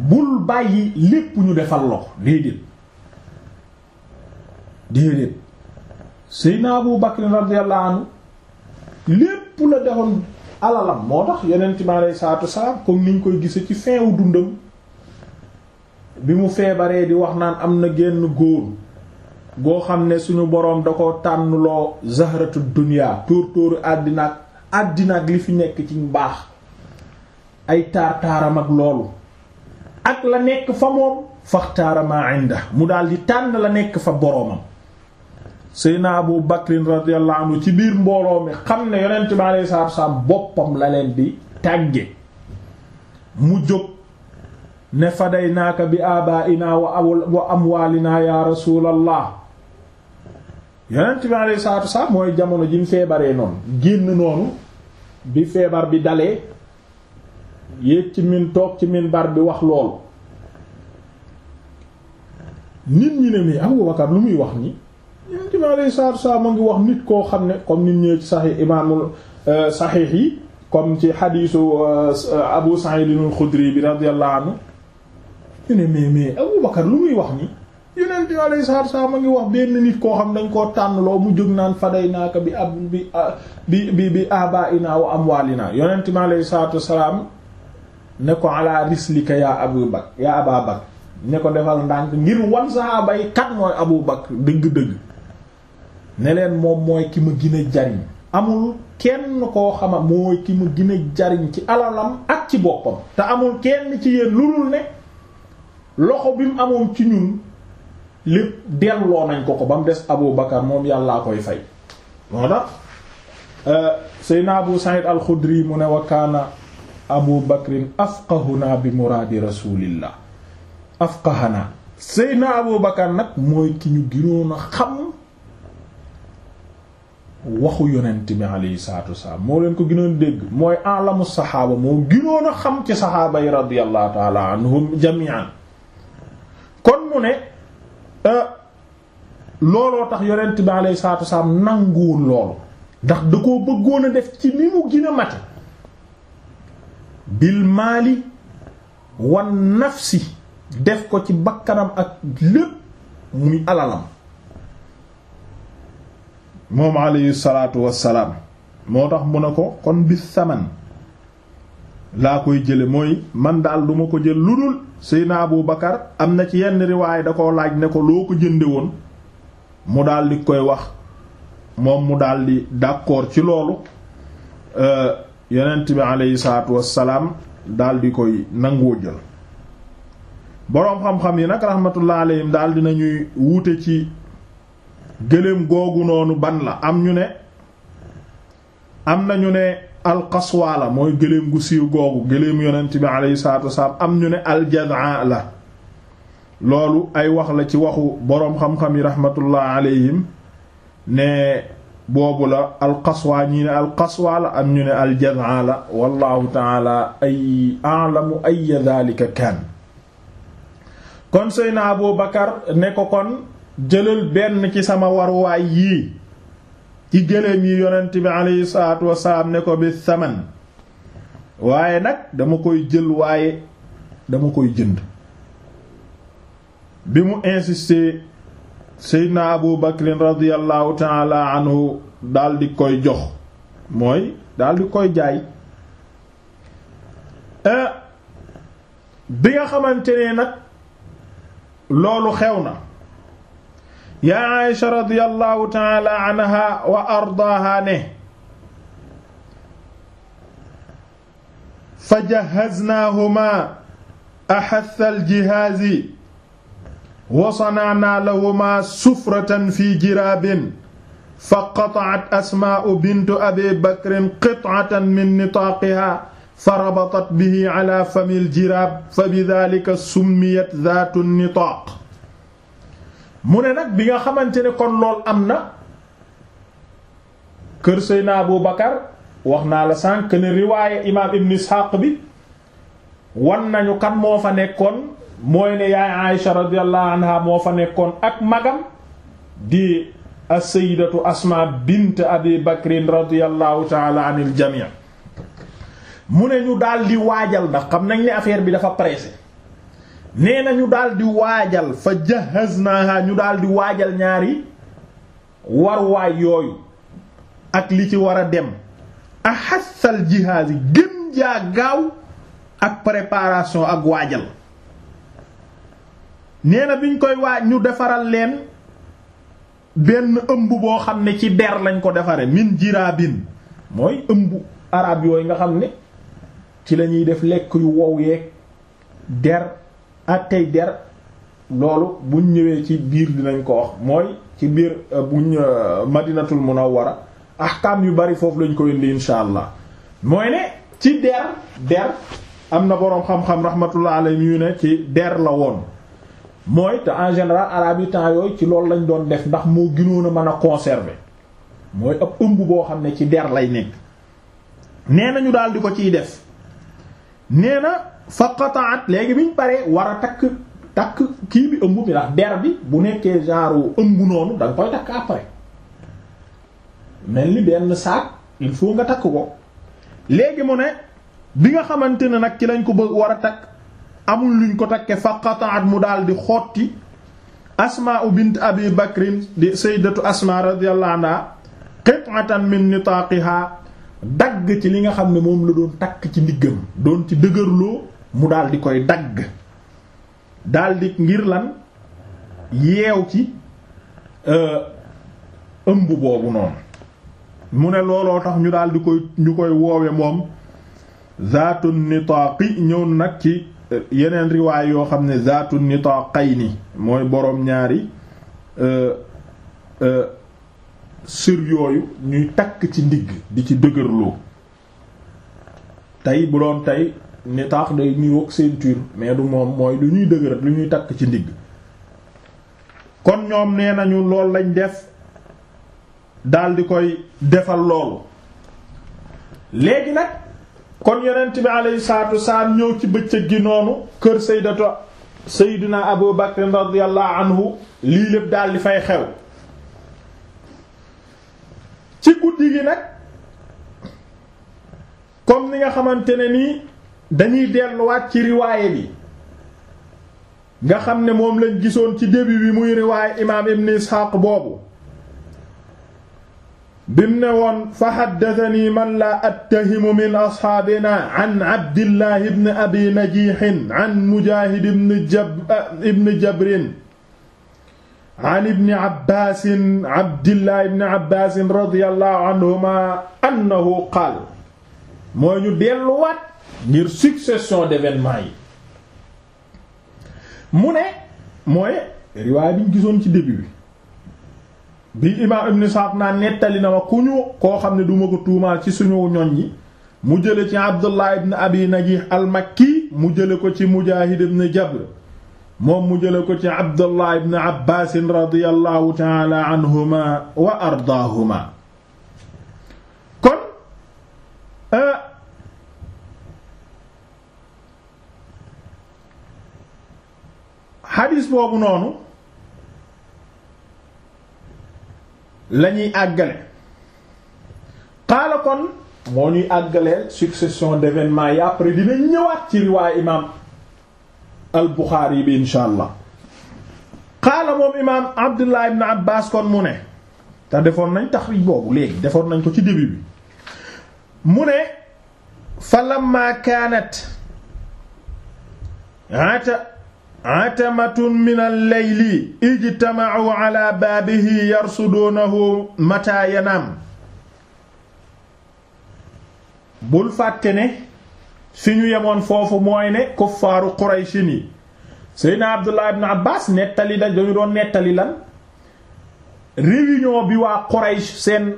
bul bàyyi lépp ñu defal lox déedéet déedéet Seydina Abu Bakr radiyallahu anhu lépp la defoon alalam moo tax yonent mi alayhi salaatu wasalaam comme niñ koy gise ci fin dundam bi mu feebaree di wax naan am na génn góor goo xam ne suñu boroom da ko tànnloo zahratu dunya tóor tóoru àddinaak àddinaak li fi nekk ci baax ay taar taaram ak loolu ak la nekk fa moom faxtaara ma inda mu daldi tànn la nekk fa boroomam Seydina Abu Bakrin radiyallahu anhu ci biir mbooloo mi xam ne yonent bi alayhi salaatu wasallam boppam la leen di tàgge mu jóg ne fadaynaaka bi aabaa'inaa wa amwaalinaa yaa rasuulallah yonent bi alayhi salaatu wasallam mooy jamono ji feebaree noonu génn noonu bi feebar bi dalee yéeg ci min toog ci minbar bi wax loolu nit ñi ne nii Abu Bakar lu muy wax ni yonent bi alayhi salaatu wasallam mu ngi wax nit koo xam ne comme nit ñëwee ci saxiix imaamul euh, saxiix yi comme ci xadiisu euh, Abu Sa'id al-Khudri bi radiyallahu anhu ñu ne Abu Bakar lu muy wax nii yonent bi alayhi salaatu ngi wax benn nit koo xam dañ koo tànn mu jóg naan faday naaka bi ab bi bi bi bi abaa'inaa wa amwaalinaa yonent bi alayhi salaatu wasallam ne ko ala rislika yaa Abu Bakar yaa Aba Bakar ne ko defal ndànk ngir wan saxaaba yi kat mooy Abu Bakar dëgg-dëgg neleen moom mooy ki ma gën a jariñ amul kenn koo xama mooy ki ma gën jariñ ci alalam ak ci boppam te amul kenn ci yéen lulul ne loxo bi mu amoon ci ñun lépp delloo nañ ko ko ba mu des Abu Bakar moom yàllaa koy fay moo tax euh, Seydina Abu Sa'id al-Khudri mu ne wa Abu Bakrin afqahuna bi muraadi rasulillah afqahana Seydina Abu Bakar nag mooy ki ñu gënoon xam waxu yonent bi alayhi salaatu wasalaam moo leen ko gënoon dégg mooy alamu saxaaba moo gënoon a xam ci saxaaba yi radiyallahu taala anhum kon mu ne euh, looloo tax yonent bi alayhi salaatu wasalaam nanguwul loolu ndax da koo bëggoon a def ci ni mu gën a mate bil maali wan nafsi def ko ci bakkanam ak lépp muy alalam moom alayhi salaatu moo tax mu ne ko kon bi saman laa koy jële mooy man daal du ko jël lu dul Seydina am na ci yenn da koo laaj ne ko loo jënde woon mu daal koy wax moom mu daal di ci loolu euh, yonent bi alayhi salaatu wassalaam daal di koy nangoo jël boroom xam-xam yi nag rahmatullah alayhim daal dina ñuy wuute ci gëléem googu noonu ban la am ñu ne am na ñu ne alqaswa la mooy gëléem gu siiw googu gëléem yonent bi alayhi am ñu ne aljadaa la loolu ay wax la ci waxu boroom xam-xam yi rahmatullah alayhim ne boobu la alqaswa ñii ne alqaswa la am ñu ne aljadaa la wallahu taala ay alamu ay dhalika kaan kon seyna Abu Bakar ne ko kon jëlal benn ci sama waruwaay yii ci gëléem yi yonent bi aleyhi salaatu wasalaam ne ko bi saman waaye nag dama koy jël waaye dama koy jënd bi mu insisté seydna abu bakrin radiallahu taala anhu daldi koy jox mooy daldi koy jaay eh, bi nga xamante ne nag loolu xew na yaa Aysha radiyallahu taala anha wa ardaaha ne fa jahaznaahumaa axassa aljihaazi wa sana'naa lahumaa sufratan fii jiraabin fa qata'at asmaa'u bintu abi bakrin qit'atan min nitaaqihaa fa rabatat bihi alaa fami aljiraab fa bidaalika summiyat zaatu nitaaq mu ne nag bi nga xamante ne kon lool am na kër sëy Seydina Abu Bakar wax naa la sànq ne riwaaye imaam Ibn Ishaq bi wan nañu kan moo fa nekkoon mooy ne yaay Aïsha radiyallahu anha moo fa nekkoon ak magam di as-sayyidatu bint Abi Bakrin radiyallahu ta'ala anil jami' mu ne ñu daal di waajal ndax xam nañ ne affaire bi dafa pressé nee ñu daldi di waajal fa jahaznaaha ñu daal waajal ñaari warwaay yooyu ak li ci war a dem ahassal jihaaz yi gën jaa gaaw ak preparation ak waajal nee na biñ koy waaj ñu defaral leen benn ëmb boo xam ne ci der lañ ko defaree min jiraabin mooy ëmb arab yooyu nga xam ne ci lañuy def lekk yu wow yee der ak tey der loolu buñ ñëwee ci biir dinañ ko wax mooy ci biir euh, buñ euh, madinatul a munawwara ahkaam yu bari foofu lañ ko indi insha allah mooy ne ci der der am na boroom xam-xam rahmatullah alayhi yu ne ci der la woon mooy te en général arabe yi temps yooyu ci loolu lañ doon def ndax moo gënoon a mën a conserver mooy ab ëmb boo xam ne ci der lay nekk nee nañu daal di ko ciy def nee na fa qata'at léegi biñ paree war takk takk kii bi ëmb bi ndax der bi bu nekkee genre ëmb noonu da nga koy takk après mel ni benn saak il faut nga takk ko léegi mu ne bi nga xamante ne nag ci lañ ko bëgg war a takk amul luñ ko takkee fa qata'at mu daal di xotti asmaa bint abi bakrin di sayyidatu asma radiyallahu anha qit'atan min nitaaqiha dagg ci li nga xam ne moom la doon takk ci ndiggam doon ci dëgërloo mu daldi koy dagg daldi ngir lan yeew ci euh, ëmb boobu noonu mu ne looloo tax ñu daal di koy ñu koy woowe moom zaatu nitaaqi ñëw nag ci euh, yeneen riwaay yoo xam ne zaatu nitaaqayni mooy boroom ñaari euh, sër yooyu ñuy takk ci ndigg di ci dëgërloo tey bu doon tey nitaax day niroog ceinture mais du moom mooy lu ñuy dëgërat lu ñuy takk ci ndigg kon ñoom nee nañu lool lañ def daldi koy defal loolu léegi nag kon yonent bi alayhi salaatu wasalaam ñëw ci bëccëg gi noonu kër sëydato sëyduna Abu Bakr radiyallahu anhu lii lépp daldi fay xew ci guddi gi nag kon ni nga xamante ne nii dañuy delluwaat ci riwaaye bi nga xam ne moom lañ gisoon ci début bi muy riwaaye imaam ibn isxaaq boobu bim woon fa xaddatani man laa attahimu min asxaabina an abdillah ibn abi najiixin an mujaahid ibn eh, jabrin an ibni abbaasin abdillah ibn abbaasin radiyallahu anhuma annahu qaal mooy ñu delluwaat ngir succession d'événements mu ne mooy riwaay bi ñu gisoon ci début bi imaam ibn Sa'd naa nettali na ma ku ñu koo xam ne duma ko tuumaal ci suñu ñoñ yi mu jële ci Abdullah ibn Abi Najih al-Makki mu jële ko ci Mujaahid ibn Jabr moom mu jële ko ci Abdullah ibn Abbaas radiyallahu ta'ala wa ardaahuma xadiis boobu noonu lañuy àggale xaala moo ñuy àggaleel succession d'événements yi après dina ñëwaat ci riwaay moom imaam Abdullah ibn Abbas kon mu ne te defoon nañ tax taxrij boobu léegi defoon nañ ko ci début bi mu ne fa lamma kaanat ata atamatun min alleyli ijtama'u ala baabihi yarsuduunahu mata yanaam bul fàtte ne fi ñu yemoon foofu mooy ne kuffaaru quraychin yi seydna abdullah ibn abbas nettali da dañu doon nettali lan réunion bi waa quraysh seen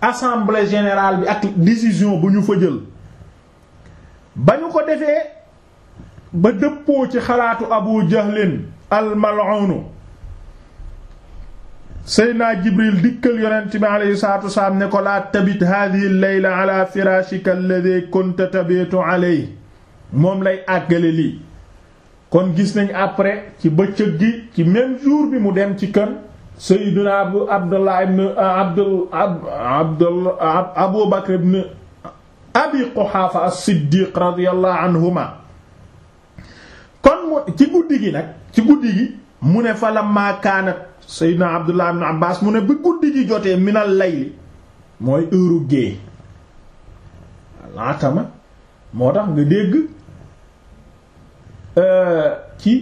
assemblée générale bi ak décision bu ñu fa ba ñu ko defee ba dëppoo ci xalaatu abu jahlin almal'un seydna jibril dikkal yonent bi aleyhi salatu wasalaam ne ko laa tabit hadhihi leyla ala firashika alladhi kunta tabitu moom lay àggale lii kon gis nañ après ci bëccëg gi ci même jour bi mu dem ci kër seydna abu euh, abu bakr ibn abi quhafa as-siddiq radiyallahu anhuma kon mu ci guddi gi nag ci guddi gi mu ne fa lamma kaanat sayyidina Abdullah ibn Abbas mu ne bi guddi gi jotee minal layli mooy heure gée moo tax nga dégg euh, ci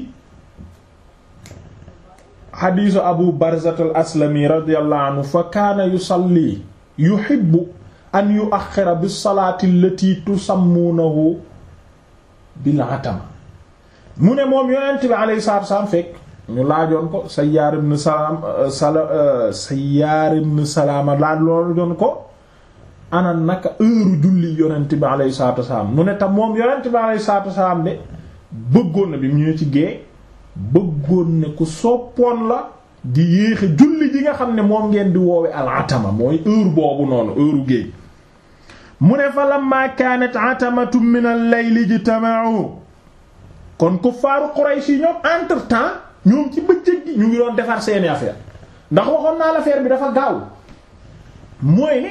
xadiisu abu barzat al aslami radiyallahu fa kaana yusalli yuhibbu an yuaxira bi salaati allati tusammuunahu bil atama mu ne moom yonent bi alayhi salaatu wasalaam fekk ñu laajoon ko Sayyaar ibn Salaam euh, sala euh, Sayyaar ibn salaam laa loolu doon ko ana naka heure julli yonent bi alayhi salaatu wasalaam mu ne tam moom yonent bi alayhi salaatu wasalaam de bëggoon na bi mu ñëw ci gée bëggoon ne ku soppoon la di yéexe julli ji nga xam ne moom ngeen di woowe al-atama mooy heure boobu noonu heure géej mu ne fa lamma kaanat atamatu min al-layli kon kuffaaru Quraysh yi ñoom entre temps ñoom ci bëccëg gi ñu ngi doon defar seeni affaire ndax waxoon naa l'affaire bi dafa gaaw mooy ne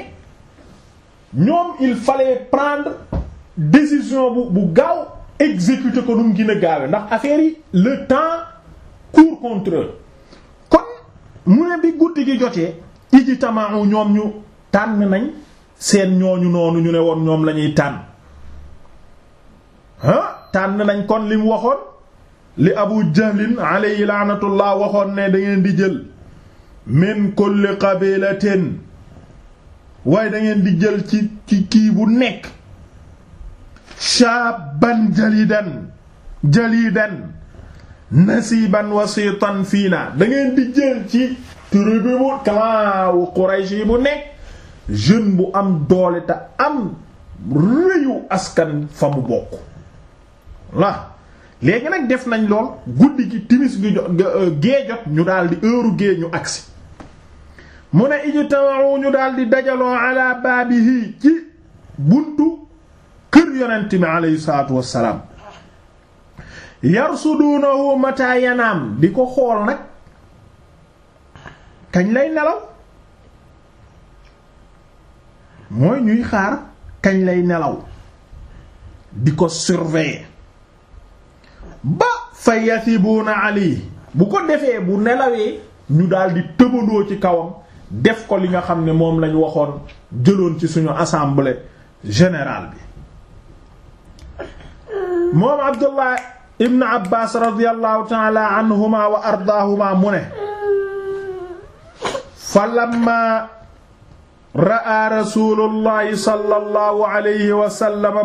ñoom il fallait prendre décision bu bu gaaw exécuter ko nu mu gën a ndax affaire yi le temps court contre kon mu ne bi guddi gi jotee iji tamaamu ñoom ñu tànn nañ seen ñooñu noonu ñu ne woon ñoom lañuy tànn ah tànn nañ kon li mu waxoon li abu jahlin alayhi laanatullah waxoon ne dangeen di jël min kulli qabilatin waaye dangeen di jël ci ci kii bu nekk shaaban jalidan jalidan nasiban wasitan fiina da di jël ci tribu bu kalaawu Quraysh bu nekk jeune bu am doole te am rëyu askan fa mu bokk la léegi nag def nañ lool guddi gi timis gi jot euh, gee jot ñu daal di heure ñu agsi mu ne ijtama'u ñu daal dajaloo ala baabihi ci buntu kër yonent mi alayhi salaatu wassalaam yarsudunahu mata yanaam di ko xool nag kañ lay nelaw mooy ñuy xaar kañ lay nelaw di ko surveiller ba fa yasibuuna ali bu ko defee bu nelawee ñu daldi tëbandoo ci kawam def ko li nga xam ne moom lañ waxoon jëloon ci suñu assamble générale bi moom abdullah ibn abbas radiallahu taala wa ardaahuma mu ne fa lamma ra'a rasulullahi sallallahu alayhi wa sallam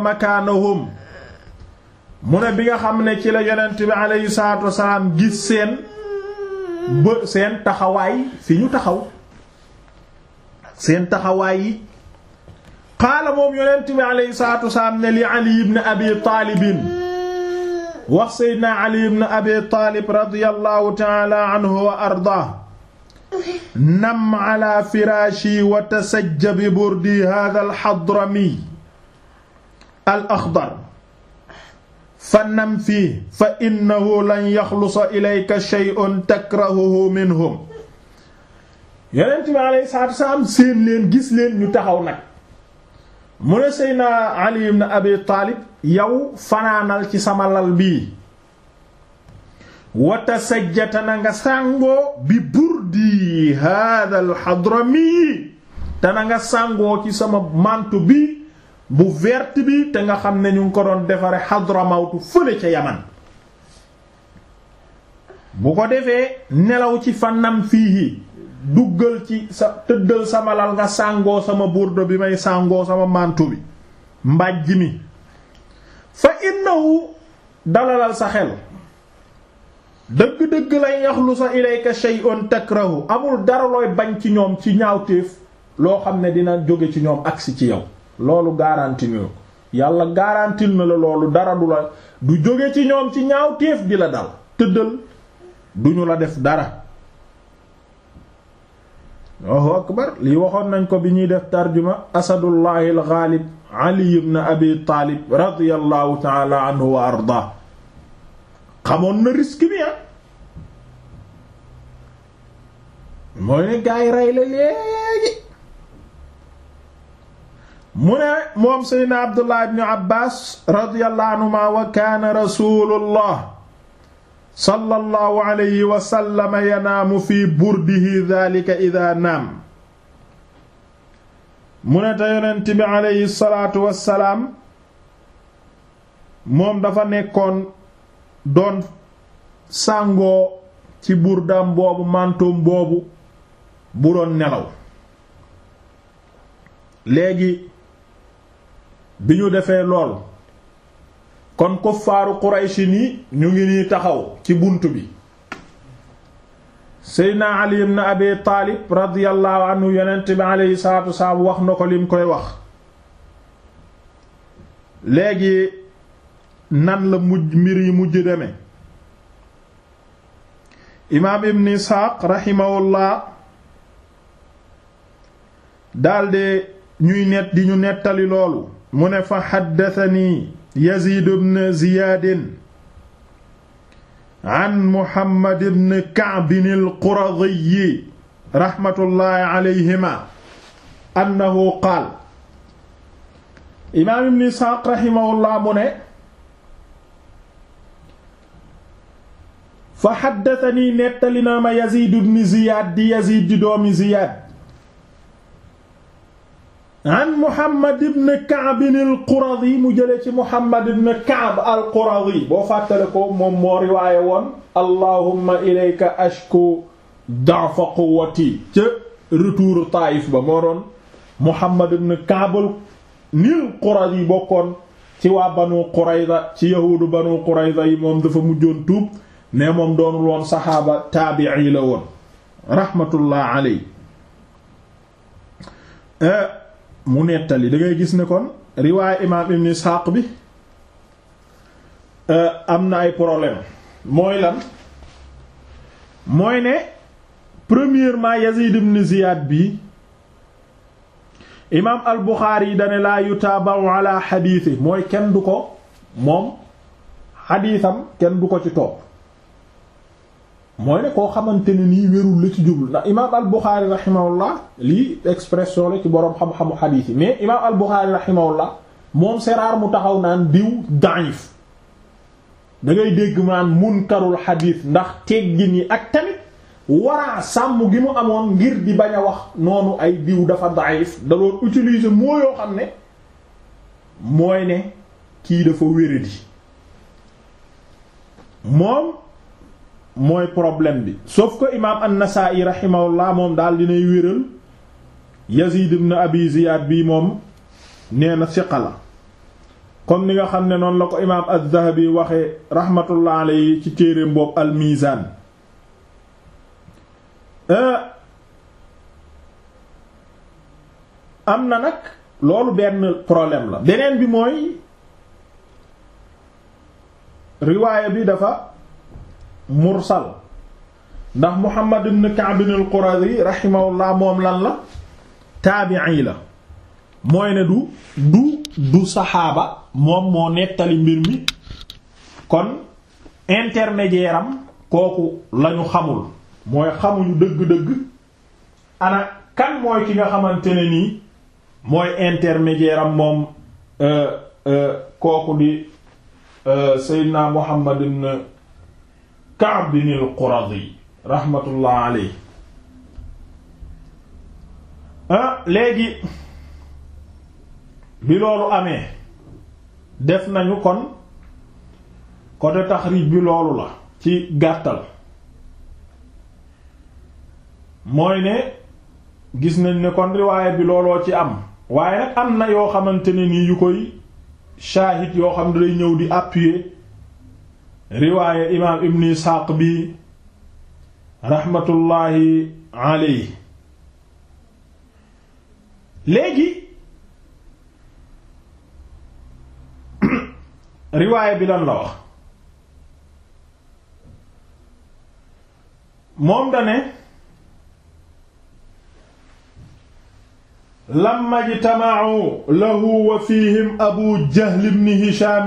mu ne bi nga xam ne ci la yonent bi aleyhi salaatu wasalaam gis seen bë seen taxawaay fi ñu taxaw seen taxawaay yi qaala moom yonent bi aleyhi salaatu wasalaam ne li ali ibn abi taalibin wax seydna ali ibn abi taalib radiyallahu taala anhu wa ardaa nam ala firaashi wa tasajja bi burdi haadha al hadrami al axdar fa nam fii fa innahu lan yaxlusa ilayka shay'un takrahuhu minhum yonent seen leen gis leen ñu taxaw nag mu ne Seydina Ali ibn Abi Taalib yow fanaanal ci sama lal bii wata sajjata na nga sàngoo bi burdi haadal hadrami te na nga sàngoo ci sama mantu bi bu verte bi te nga xam ne ñu ngi ko doon defare Hadramawtu fële ca Yaman bu ko defee nelaw ci fanam fii duggal ci sa tëddal sama lal nga sàngoo sama burdo bi may sàngoo sama mantu bi mbàjj mi fa innahu dalalal sa xel dëgg-dëgg lay yaxlu sa ilayka shay'un takrahu amul dara looy bañ ci ñoom ci ñaawteef loo xam ne dina jóge ci ñoom agsi ci yow loolu garanti ñu yàlla garantil na la loolu dara du la du jóge ci ñoom ci ñaaw téef di la dal tëddal duñu la def dara Allahu akbar lii waxoon nañ ko bi ñuy def tarjuma asadullahi alxaalib ali ibn abi taalib radiyallahu taala anhu wa arda xamoon na risque bi ah mooy ne rey la léegi mu ne moom seydna abdullah ibni abbas radiyallahu anhuma wa kaana rasulullah sallallahu alayhi wa sallam yanaamu fi burdihi dhalika idha naam mu ne te yonent bi alayhi salaatu wassalaam moom dafa nekkoon doon sàngoo ci burdaam boobu mantoom boobu bu doon nelaw bi ñu defee lool kon kuffaaru Qurayshi nii ñu ngi nii taxaw ci bunt bi Seydina Ali ibn Abi Taalib radiyallahu anhu yonent bi alayhi salaatu wasalaam wax na ko lim koy wax léegi nan la mujj mbir yi mujj deme imaam ibn Isxaaq rahimahullah daldi ñuy net di ñu nettali loolu mu ne fa xaddatani Yazid ibn Ziyaad an Muhammad ibn Ka'b al-Quradiyi raxmatullaahi alayhima annahu qaal imaam ibn Isxaaq raximahullah mu ne fa xaddatani nettali na ma Yazid ibn Ziyaad di Yazid di doomi Ziyaad an Muhammad ibn Ka'b al-Quradi mu jëlee ci Muhammad ibn Ka'b al-Quradi boo fàttale ko moom moo riwaaye woon allahumma ilayka ashku da'fa quwwati ca retour Taayif ba moo doon Muhammad ibn Ka'b al-Quradi bokkoon ci waa Banu Qurayza ci yahuudu Banu Qurayza yi moom dafa mujjoon tuub ne moom doonul woon saxaaba taabi'i la woon rahmatullah alayhi eh, mu nettali da ngay gis ni kon riwaay imaam ibn Isxaaq bi euh, am na ay problème mooy lan mooy ne premièrement Yazid ibn Ziyad bi imaam al Buxaari yi dane laa yutaabaru ala xadiisi mooy kenn du ko moom xadiisam kenn du ko ci toog mooy ne koo xamante ne nii wérul la ci jublu ndax imaam al-Bukhari rahimahullah lii expression la ci boroom xam-xamu xadiis yi mais imaam al-Bukhari rahimahullah moom c'est mu taxaw naan diw daif dangay ngay dégg naan munkarul xadiis ndax teggin yi ak tamit waraa sàmm gi mu amoon ngir di bañ a wax noonu ay diw dafa daif da utilise utiliser moo yoo xam ne mooy ne kii dafa wéradi moom mooy problème bi sauf que imaam an-Nasaa'i moom daal dinay wéral Yazid ibn Abi Ziyad bi moom nee na siqa la comme ni xam ne noonu la ko imaam az-Zahabi waxe rahmatullah alayhi ci téereem boobu al-Mizan euh, am na nag loolu benn problème la beneen bi mooy riwaaya bi dafa mursal ndax Muhammad ibn Ka'b al-Qurazi moom lan la taabi'i la mooy ne du du du saxaaba moom moo nettali mbir mi kon intermédiaire am kooku lañu xamul mooy xamuñu dëgg-dëgg ana kan mooy ki nga xamante ne nii mooy intermédiaire moom euh, euh, kooku di euh, Seydina Muhammad ibn Ka'b bin al-Quradi rahmatullah alayhi ah léegi bi loolu amee def nañu kon côté taxrij bi loolu la ci gàttal mooy ne gis nañ ne kon riwaaye bi looloo ci am waaye am na yoo xamante ne nii yu koy shaahid yoo xam ne day ñëw di appuyer riwaaya imaam ibn isxaaq bi raxmatullaahi aley léegi riwaaya bi lan la moom dane lamma jtama'u lahu wa fihim abu jahl ibn hisham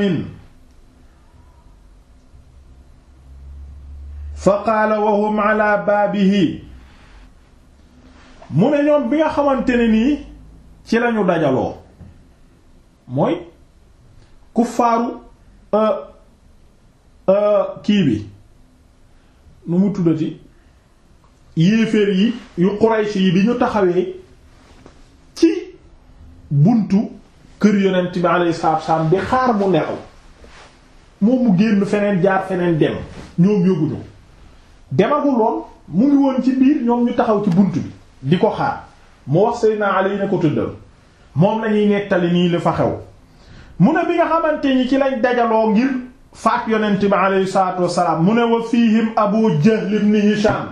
fa qaala wa hum ala baabihi mu ne ñoom bi nga xamante ne nii ci lañu dajaloo mooy kuffaaru euh, euh, kii bi nu mu tuddati yéeféer yi yu Quraysh yi bi ñu taxawee ci buntu kër yonent bi alayhi salaatu salaam di xaar mu nelaw moom mu génn feneen jaar feneen dem ñoom yóbbu ñu demaguloon mu ngi woon ci biir ñoom ñu taxaw ci bunt bi di ko xaar mu wax Seydina Ali ne ko tëddal moom lañuy nettali nii li fa xew mu ne bi nga xamante ni ci lañ dajaloo ngir faat yonent bi aleyhi salaatu wassalaam mu ne wa fiihim Abu Jahl ibn Hisham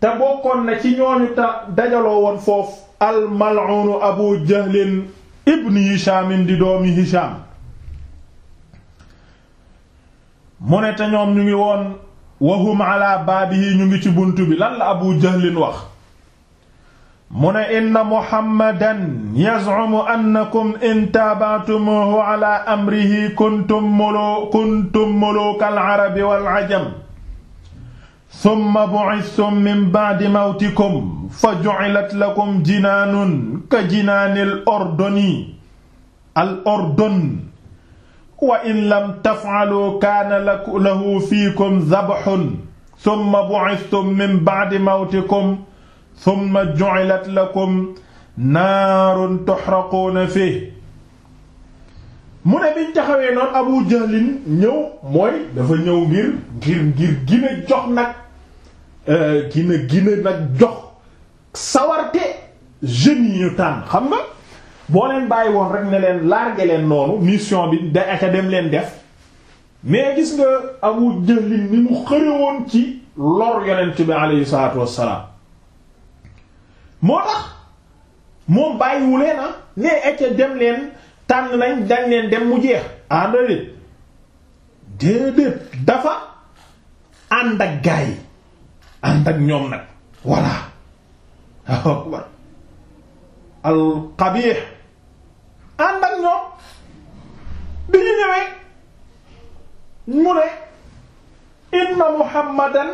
te bokkoon na ci ñooñu dajaloo woon foofu al mal'un Abu Jahl ibn Hisham di doomi Hisham mu ne te ñoom ñu ngi woon wahum ala baabihi ñu ngi ci bunt bi lan la abu jahlin wax mu ne inna muhammadan yaz'umu annakum in taabatumuhu ala amrihi kuntum mulu kuntum mulukal arabi wal ajam summa bu'ithtum min ba'di mawtikum fa ju'ilat lakum jinaanun ka jinaanil ordoni al ordon wa in lam taf'alu kaana lahu fiikum zabhun thumma bu'ithtum min ba'di mawtikum thumma ju'ilat lakum naarun tuhraquuna fiihi mu ne biñ taxawee noonu Abu Jahlin ñëw mooy dafa ñëw ngir ngir ngir gina jox nag euh, gina gina nag jox sawarte jeunes yi ñu tànn xam nga boo leen bàyyi woon rek ne leen largué leen noonu mission bi da aca dem leen def mais gis nga jël Jahl ni mu xëre woon ci lor yonent bi aleyhi salaatu wassalaam moo tax moom bàyyiwu leen ah ne aca dem leen tànn nañ dañ leen dem mu jeex ànda ah déedéet dafa ànd ak gaa ànd ak ñoom nag voilà al ànd ak ñoom bi ñu ñëwee mu ne inna muhammadan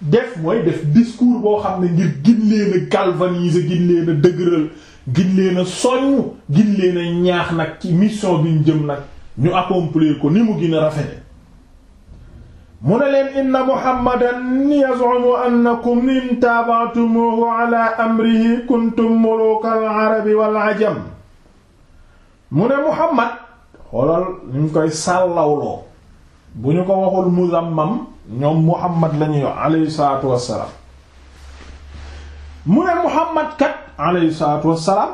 def mooy def discours boo xam ne ngir gin leen a galvaniser gin leen dëgëral gin leen soññ gin leen ñaax nag ci mission bi ñu jëm nag ñu accomplir ko ni mu gën rafete mu ne leen inna muhammadan yaz'umu annakum in taaba'tumuhu ala amrihi kuntum mulukal arabi wal ajam mu ne Muhammad xoolal ñu ngi koy sàllawloo bu ñu ko waxul muzammam ñoom Muhammad lañuy wax alayhi salaatu wassalaam mu ne Muhammad kat alayhi salaatu wassalaam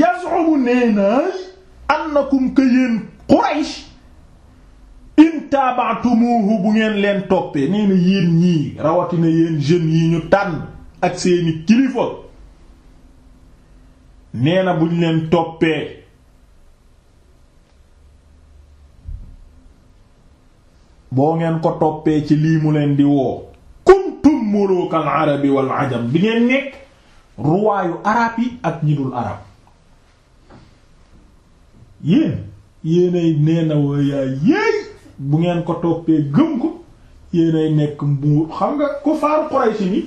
yaz'umu nee naa annakum ka yéen Quraysh in taaba'tumuhu bu ngeen leen toppee nee na yéen ñii rawatina yéen jeunes yi ñu tànn ak seeni kilifa nee na buñ leen toppee boo ngeen ko toppee ci lii mu leen di woo kuntum mulukal arabi wal ajam bi ngeen nekk ruwaayu arab yi ak ñi dul arab yéen yéenay nee na waayaa yéey bu ngeen ko toppee gëm ko yéenay nekk mbuur xam nga ko faar Quraysh ni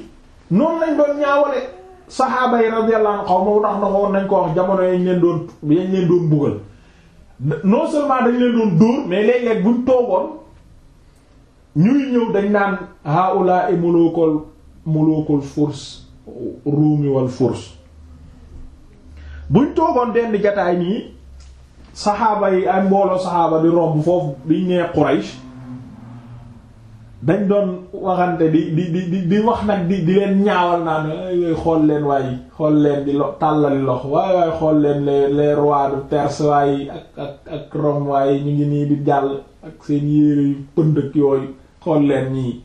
noonu lañ doon ñaawale saxaaba yi radiyallahu anhu xaw ma ndax na woon nañ ko wax jamono yañ leen doon yañ leen doon mbugal non seulement dañ leen doon dóor mais léeg-léeg buñ toogoon ñuy ñëw dañ naan haula i mulukul mulukul furs ruumi wal buñ toogoon denn jataay ñi saxaaba yi ay mbooloo saxaaba di romb foofu di ñee Quraysh dañ doon waxante di di di di wax nag di di leen ñaawal naan yooyu xool leen waaye xool leen di lo tàllali loxo waaye waaye xool leen les les rois de Perse waaye ak ak ak waaye ñu ngi nii di jàll ak seen yére yu pënd yooyu xool leen ñii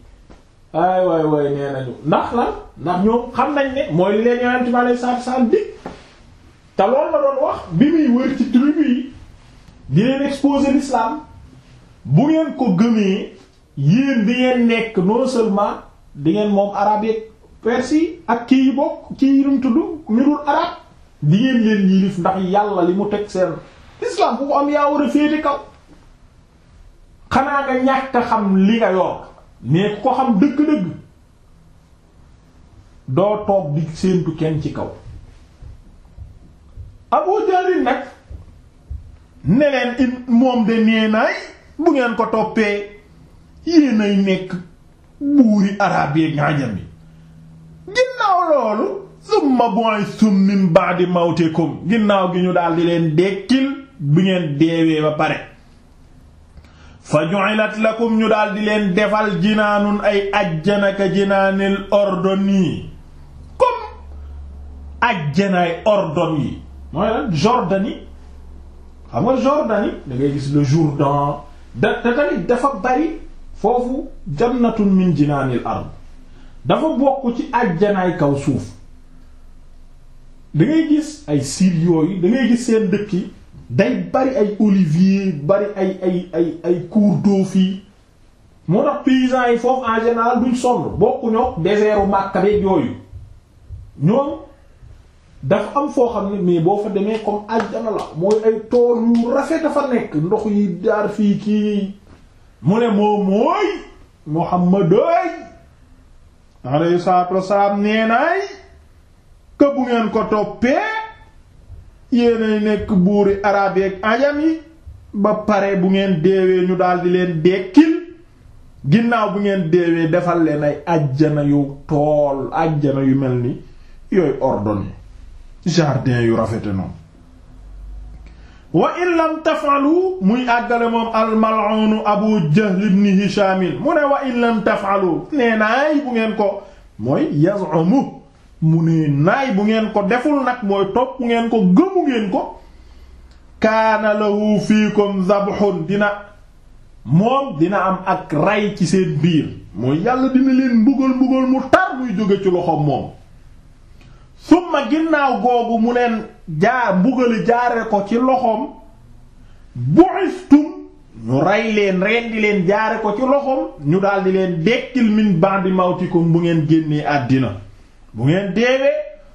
ay waay waay nee nañu ndax la ndax ñoo xam nañ ne mooy li leen yonent bi alayhi salaatu salaam te loolu la doon wax bi muy wër ci tribu yi di leen exposer l'islam bu ngeen ko gëmee yéen di ngeen nekk non seulement di ngeen moom arab yi persi ak kii yi bokk kii yi ñu tudd mirul arab di ngeen leen yilif ndax yàlla li mu teg seen islam bu ko am yaa war a féete kaw xanaa nga ñàkk a xam li nga yor mais ku ko xam dëgg-dëgg doo toog di séentu kenn ci kaw Abu Jahl nag ne leen moom de nee bu ngeen ko toppee yéenay nekk buuri araab yi ngaajam yi ginnaaw loolu summa bu'ithum min ba'di mawtikum ginnaaw gi ñu daal di leen dekkil bi ngeen deewee ba pare fa ju'ilat lakum ñu daal di leen defal jinaanun ay ajjanaka jinaanil ordoni comme ajjanaay ordon yi mooy lan Jordanie xam nga Jordanie da gis le Jourdain da te tamit dafa bari foofu jannatun min jinaanil ard dafa bokk ci ajjanaay kaw suuf da gis ay siil yooyu da ngay gis seen dëkk yi day bari ay olivier bari ay ay ay ay cours d'eau fii moo tax yi foofu en général duñ sonn bokkuñoo désertu Makka beeg yooyu ñoom dafa am foo xam ne mais boo fa demee comme àjjana la mooy ay tool yu rafet nekk ndox yi daar fii kii mu ne moom mooy Muhammaday alayhi salaatu wassalaam nee naay que ngeen ko toppee. yéenay nekk buuri arab yeeg ajam yi ba pare bu ngeen deewee ñu daldi leen dekkil ginnaaw bu ngeen deewee defal leen ay ajjana yu tool ajjana yu mel ni yooyu ordonné jardin yu rafete noonu wa in tafalu muy àggale moom almalonu abu jahl ibn mu ne wa in tafalu nee bu ngeen ko mooy yazumu mu ne naay bu ngeen ko deful nag mooy topp ngeen ko gëmu ngeen ko kaana fii fiikum zabhun dina moom dina am ak ray ci seen biir mooy yàlla dina leen mbugal mbugal mu tar muy jóge ci loxoom moom summa ginnaaw googu mu leen jaar mbugali jaare ko ci loxoom bu'istum ñu rey leen rendi leen jaare ko ci loxoom ñu daldi leen dekkil min ba'di mawtikum bu ngeen génnee àddina bu ngeen deewee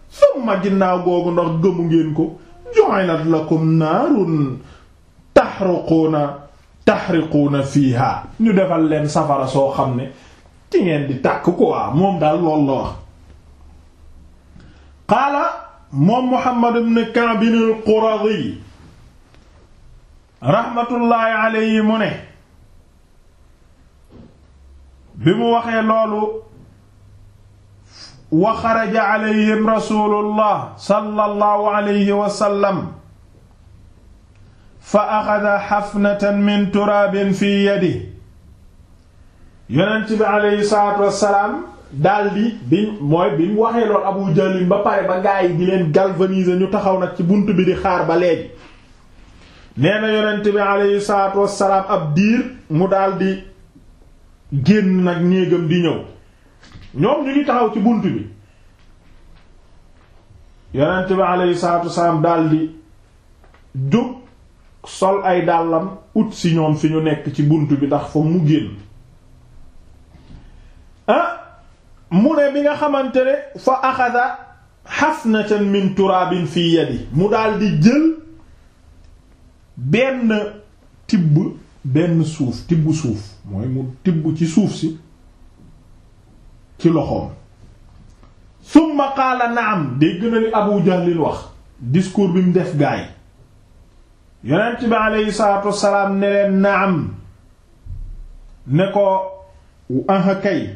summa ginnaaw googu ndax gëmu ngeen ko ju'ilat lakum naarun tahruquna tahriquna fiha ñu defal leen safara soo xam ne ci ngeen di tàkk quoi moom daal loolu la wax qaala moom Muhammad ibn Ka'b al-Quradi rahmatullahi alayhi mu ne bi mu waxee loolu wa xaraja alayhim rasulullah sallallahu alayhi wa sallam fa axada xafnatan min turaabin fi yadi yonent bi aleyhi salaatu wassalaam daldi biñ mooy biñ waxee lool Abu Jahl ba pare ba gaa yi di leen galvaniser ñu taxaw nag ci bunt bi di xaar ba léegi nee na yonent bi ab diir mu daldi génn nag néegam di ñëw ñoom ñu ngi taxaw ci bunt bi yonent bi aleyhi salaatu wasalaam daldi jóg sol ay dàllam ut si ñoom fi ñu nekk ci bunt bi ndax fa mu génn ah mu ne bi nga xamante ne fa na xasnatan min turaabin fi yadi mu daldi jël benn tibb benn suuf tibb suuf mooy mu tibb ci suuf si ci loxoom summa qaala naam dégg na li wax discours bi mu def gaay yonent bi aleyhi salaatu wassalaam ne leen ne ko aha kay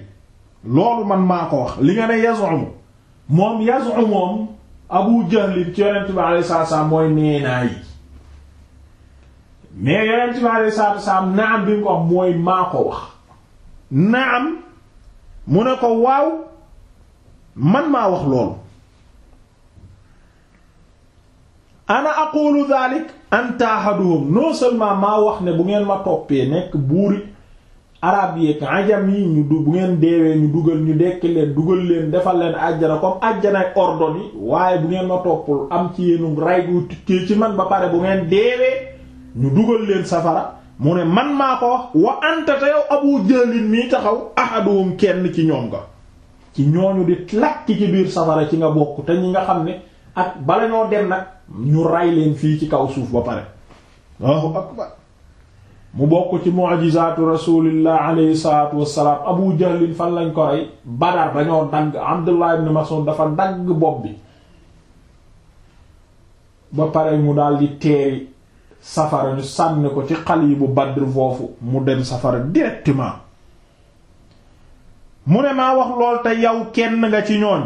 loolu man maa ko wax li nga ne yaz'um moom yaz'um moom Abu ci yonent bi aleyhi salaatu mooy neenaa yi yonent bi aleyhi salaatu wassalaam naam bi mu ko mooy maa ko wax naam mu ne ko waaw man maa wax loolu ana aqulu dalik an taahaduhum non seulement maa wax ne bu ngeen ma toppee nekk buuri arab yeeg ajam yi ñu du bu ngeen deewee ñu dugal ñu dekk leen dugal leen defal leen àjjana comme àjjana ak ordon waaye bu ngeen ma toppul am ci yéenu ray gu tukkee ci man ba pare bu ngeen deewee ñu dugal leen safara mu ne man maa ko wax wa anta te yow abu jëlin mii taxaw ahaduhum kenn ci ñoom nga ci ñoo ñu di lakk ci biir safara ci nga bokk te ñi nga xam ne ak bala ñoo dem nag ñu ray leen fii ci kaw suuf ba pare mu bokk ci mu'jizaatu rasulillah alayhi salatu wassalaam abu jahlin fan lañ ko rey badar dañoo dagg abdullah ibn mas'ud dafa dagg bopp bi ba pare mu daal di teeri safara ñu sànni ko ci xal yi bu Badr foofu mu dem safara directement mu ne maa wax lool te yow kenn nga ci ñooñ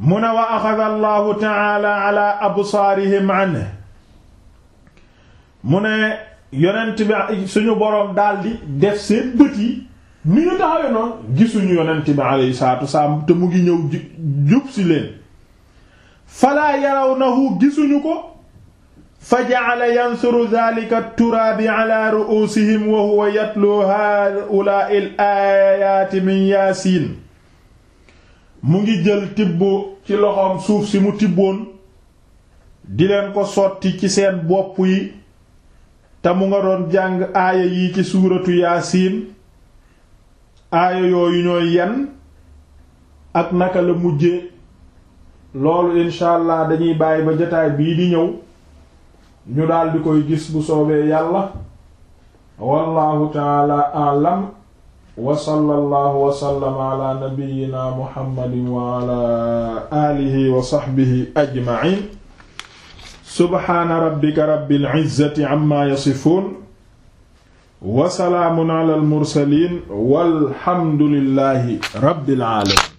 mu ne wa axada allahu taala ala absaarihim anhu mu ne yonent bi suñu boroom daldi def seen bët yi ni ñu taxawe noonu gisuñu yonent bi alayhi salaatu wasalaam te mu ngi ñëw jub si leen falaa yarawnahu gisuñu ko fa ja'ala yansuru zaalika turaabi ala ru'uusihim wa huwa yatlu haa'ulaa'i al-aayaati min mu ngi jël tibb ci loxoom suuf si mu tibboon di leen ko sotti ci seen bopp yi te mu nga doon jàng aaya yi ci suuratu yaasiin aaya yooyu ñooy yen ak naka la mujje loolu incha dañuy bàyyi ba jotaay bii di ñëw ñu daal di koy gis bu soobee yàlla wallahu taala alam wa sallallahu wa sallama ala nabiyyina muhammadin wa ala alihi wa sahbihi ajma'in subhana rabbika rabbil izzati amma yasifun wa salaamun ala al mursalin walhamdulillahi rabbil alamin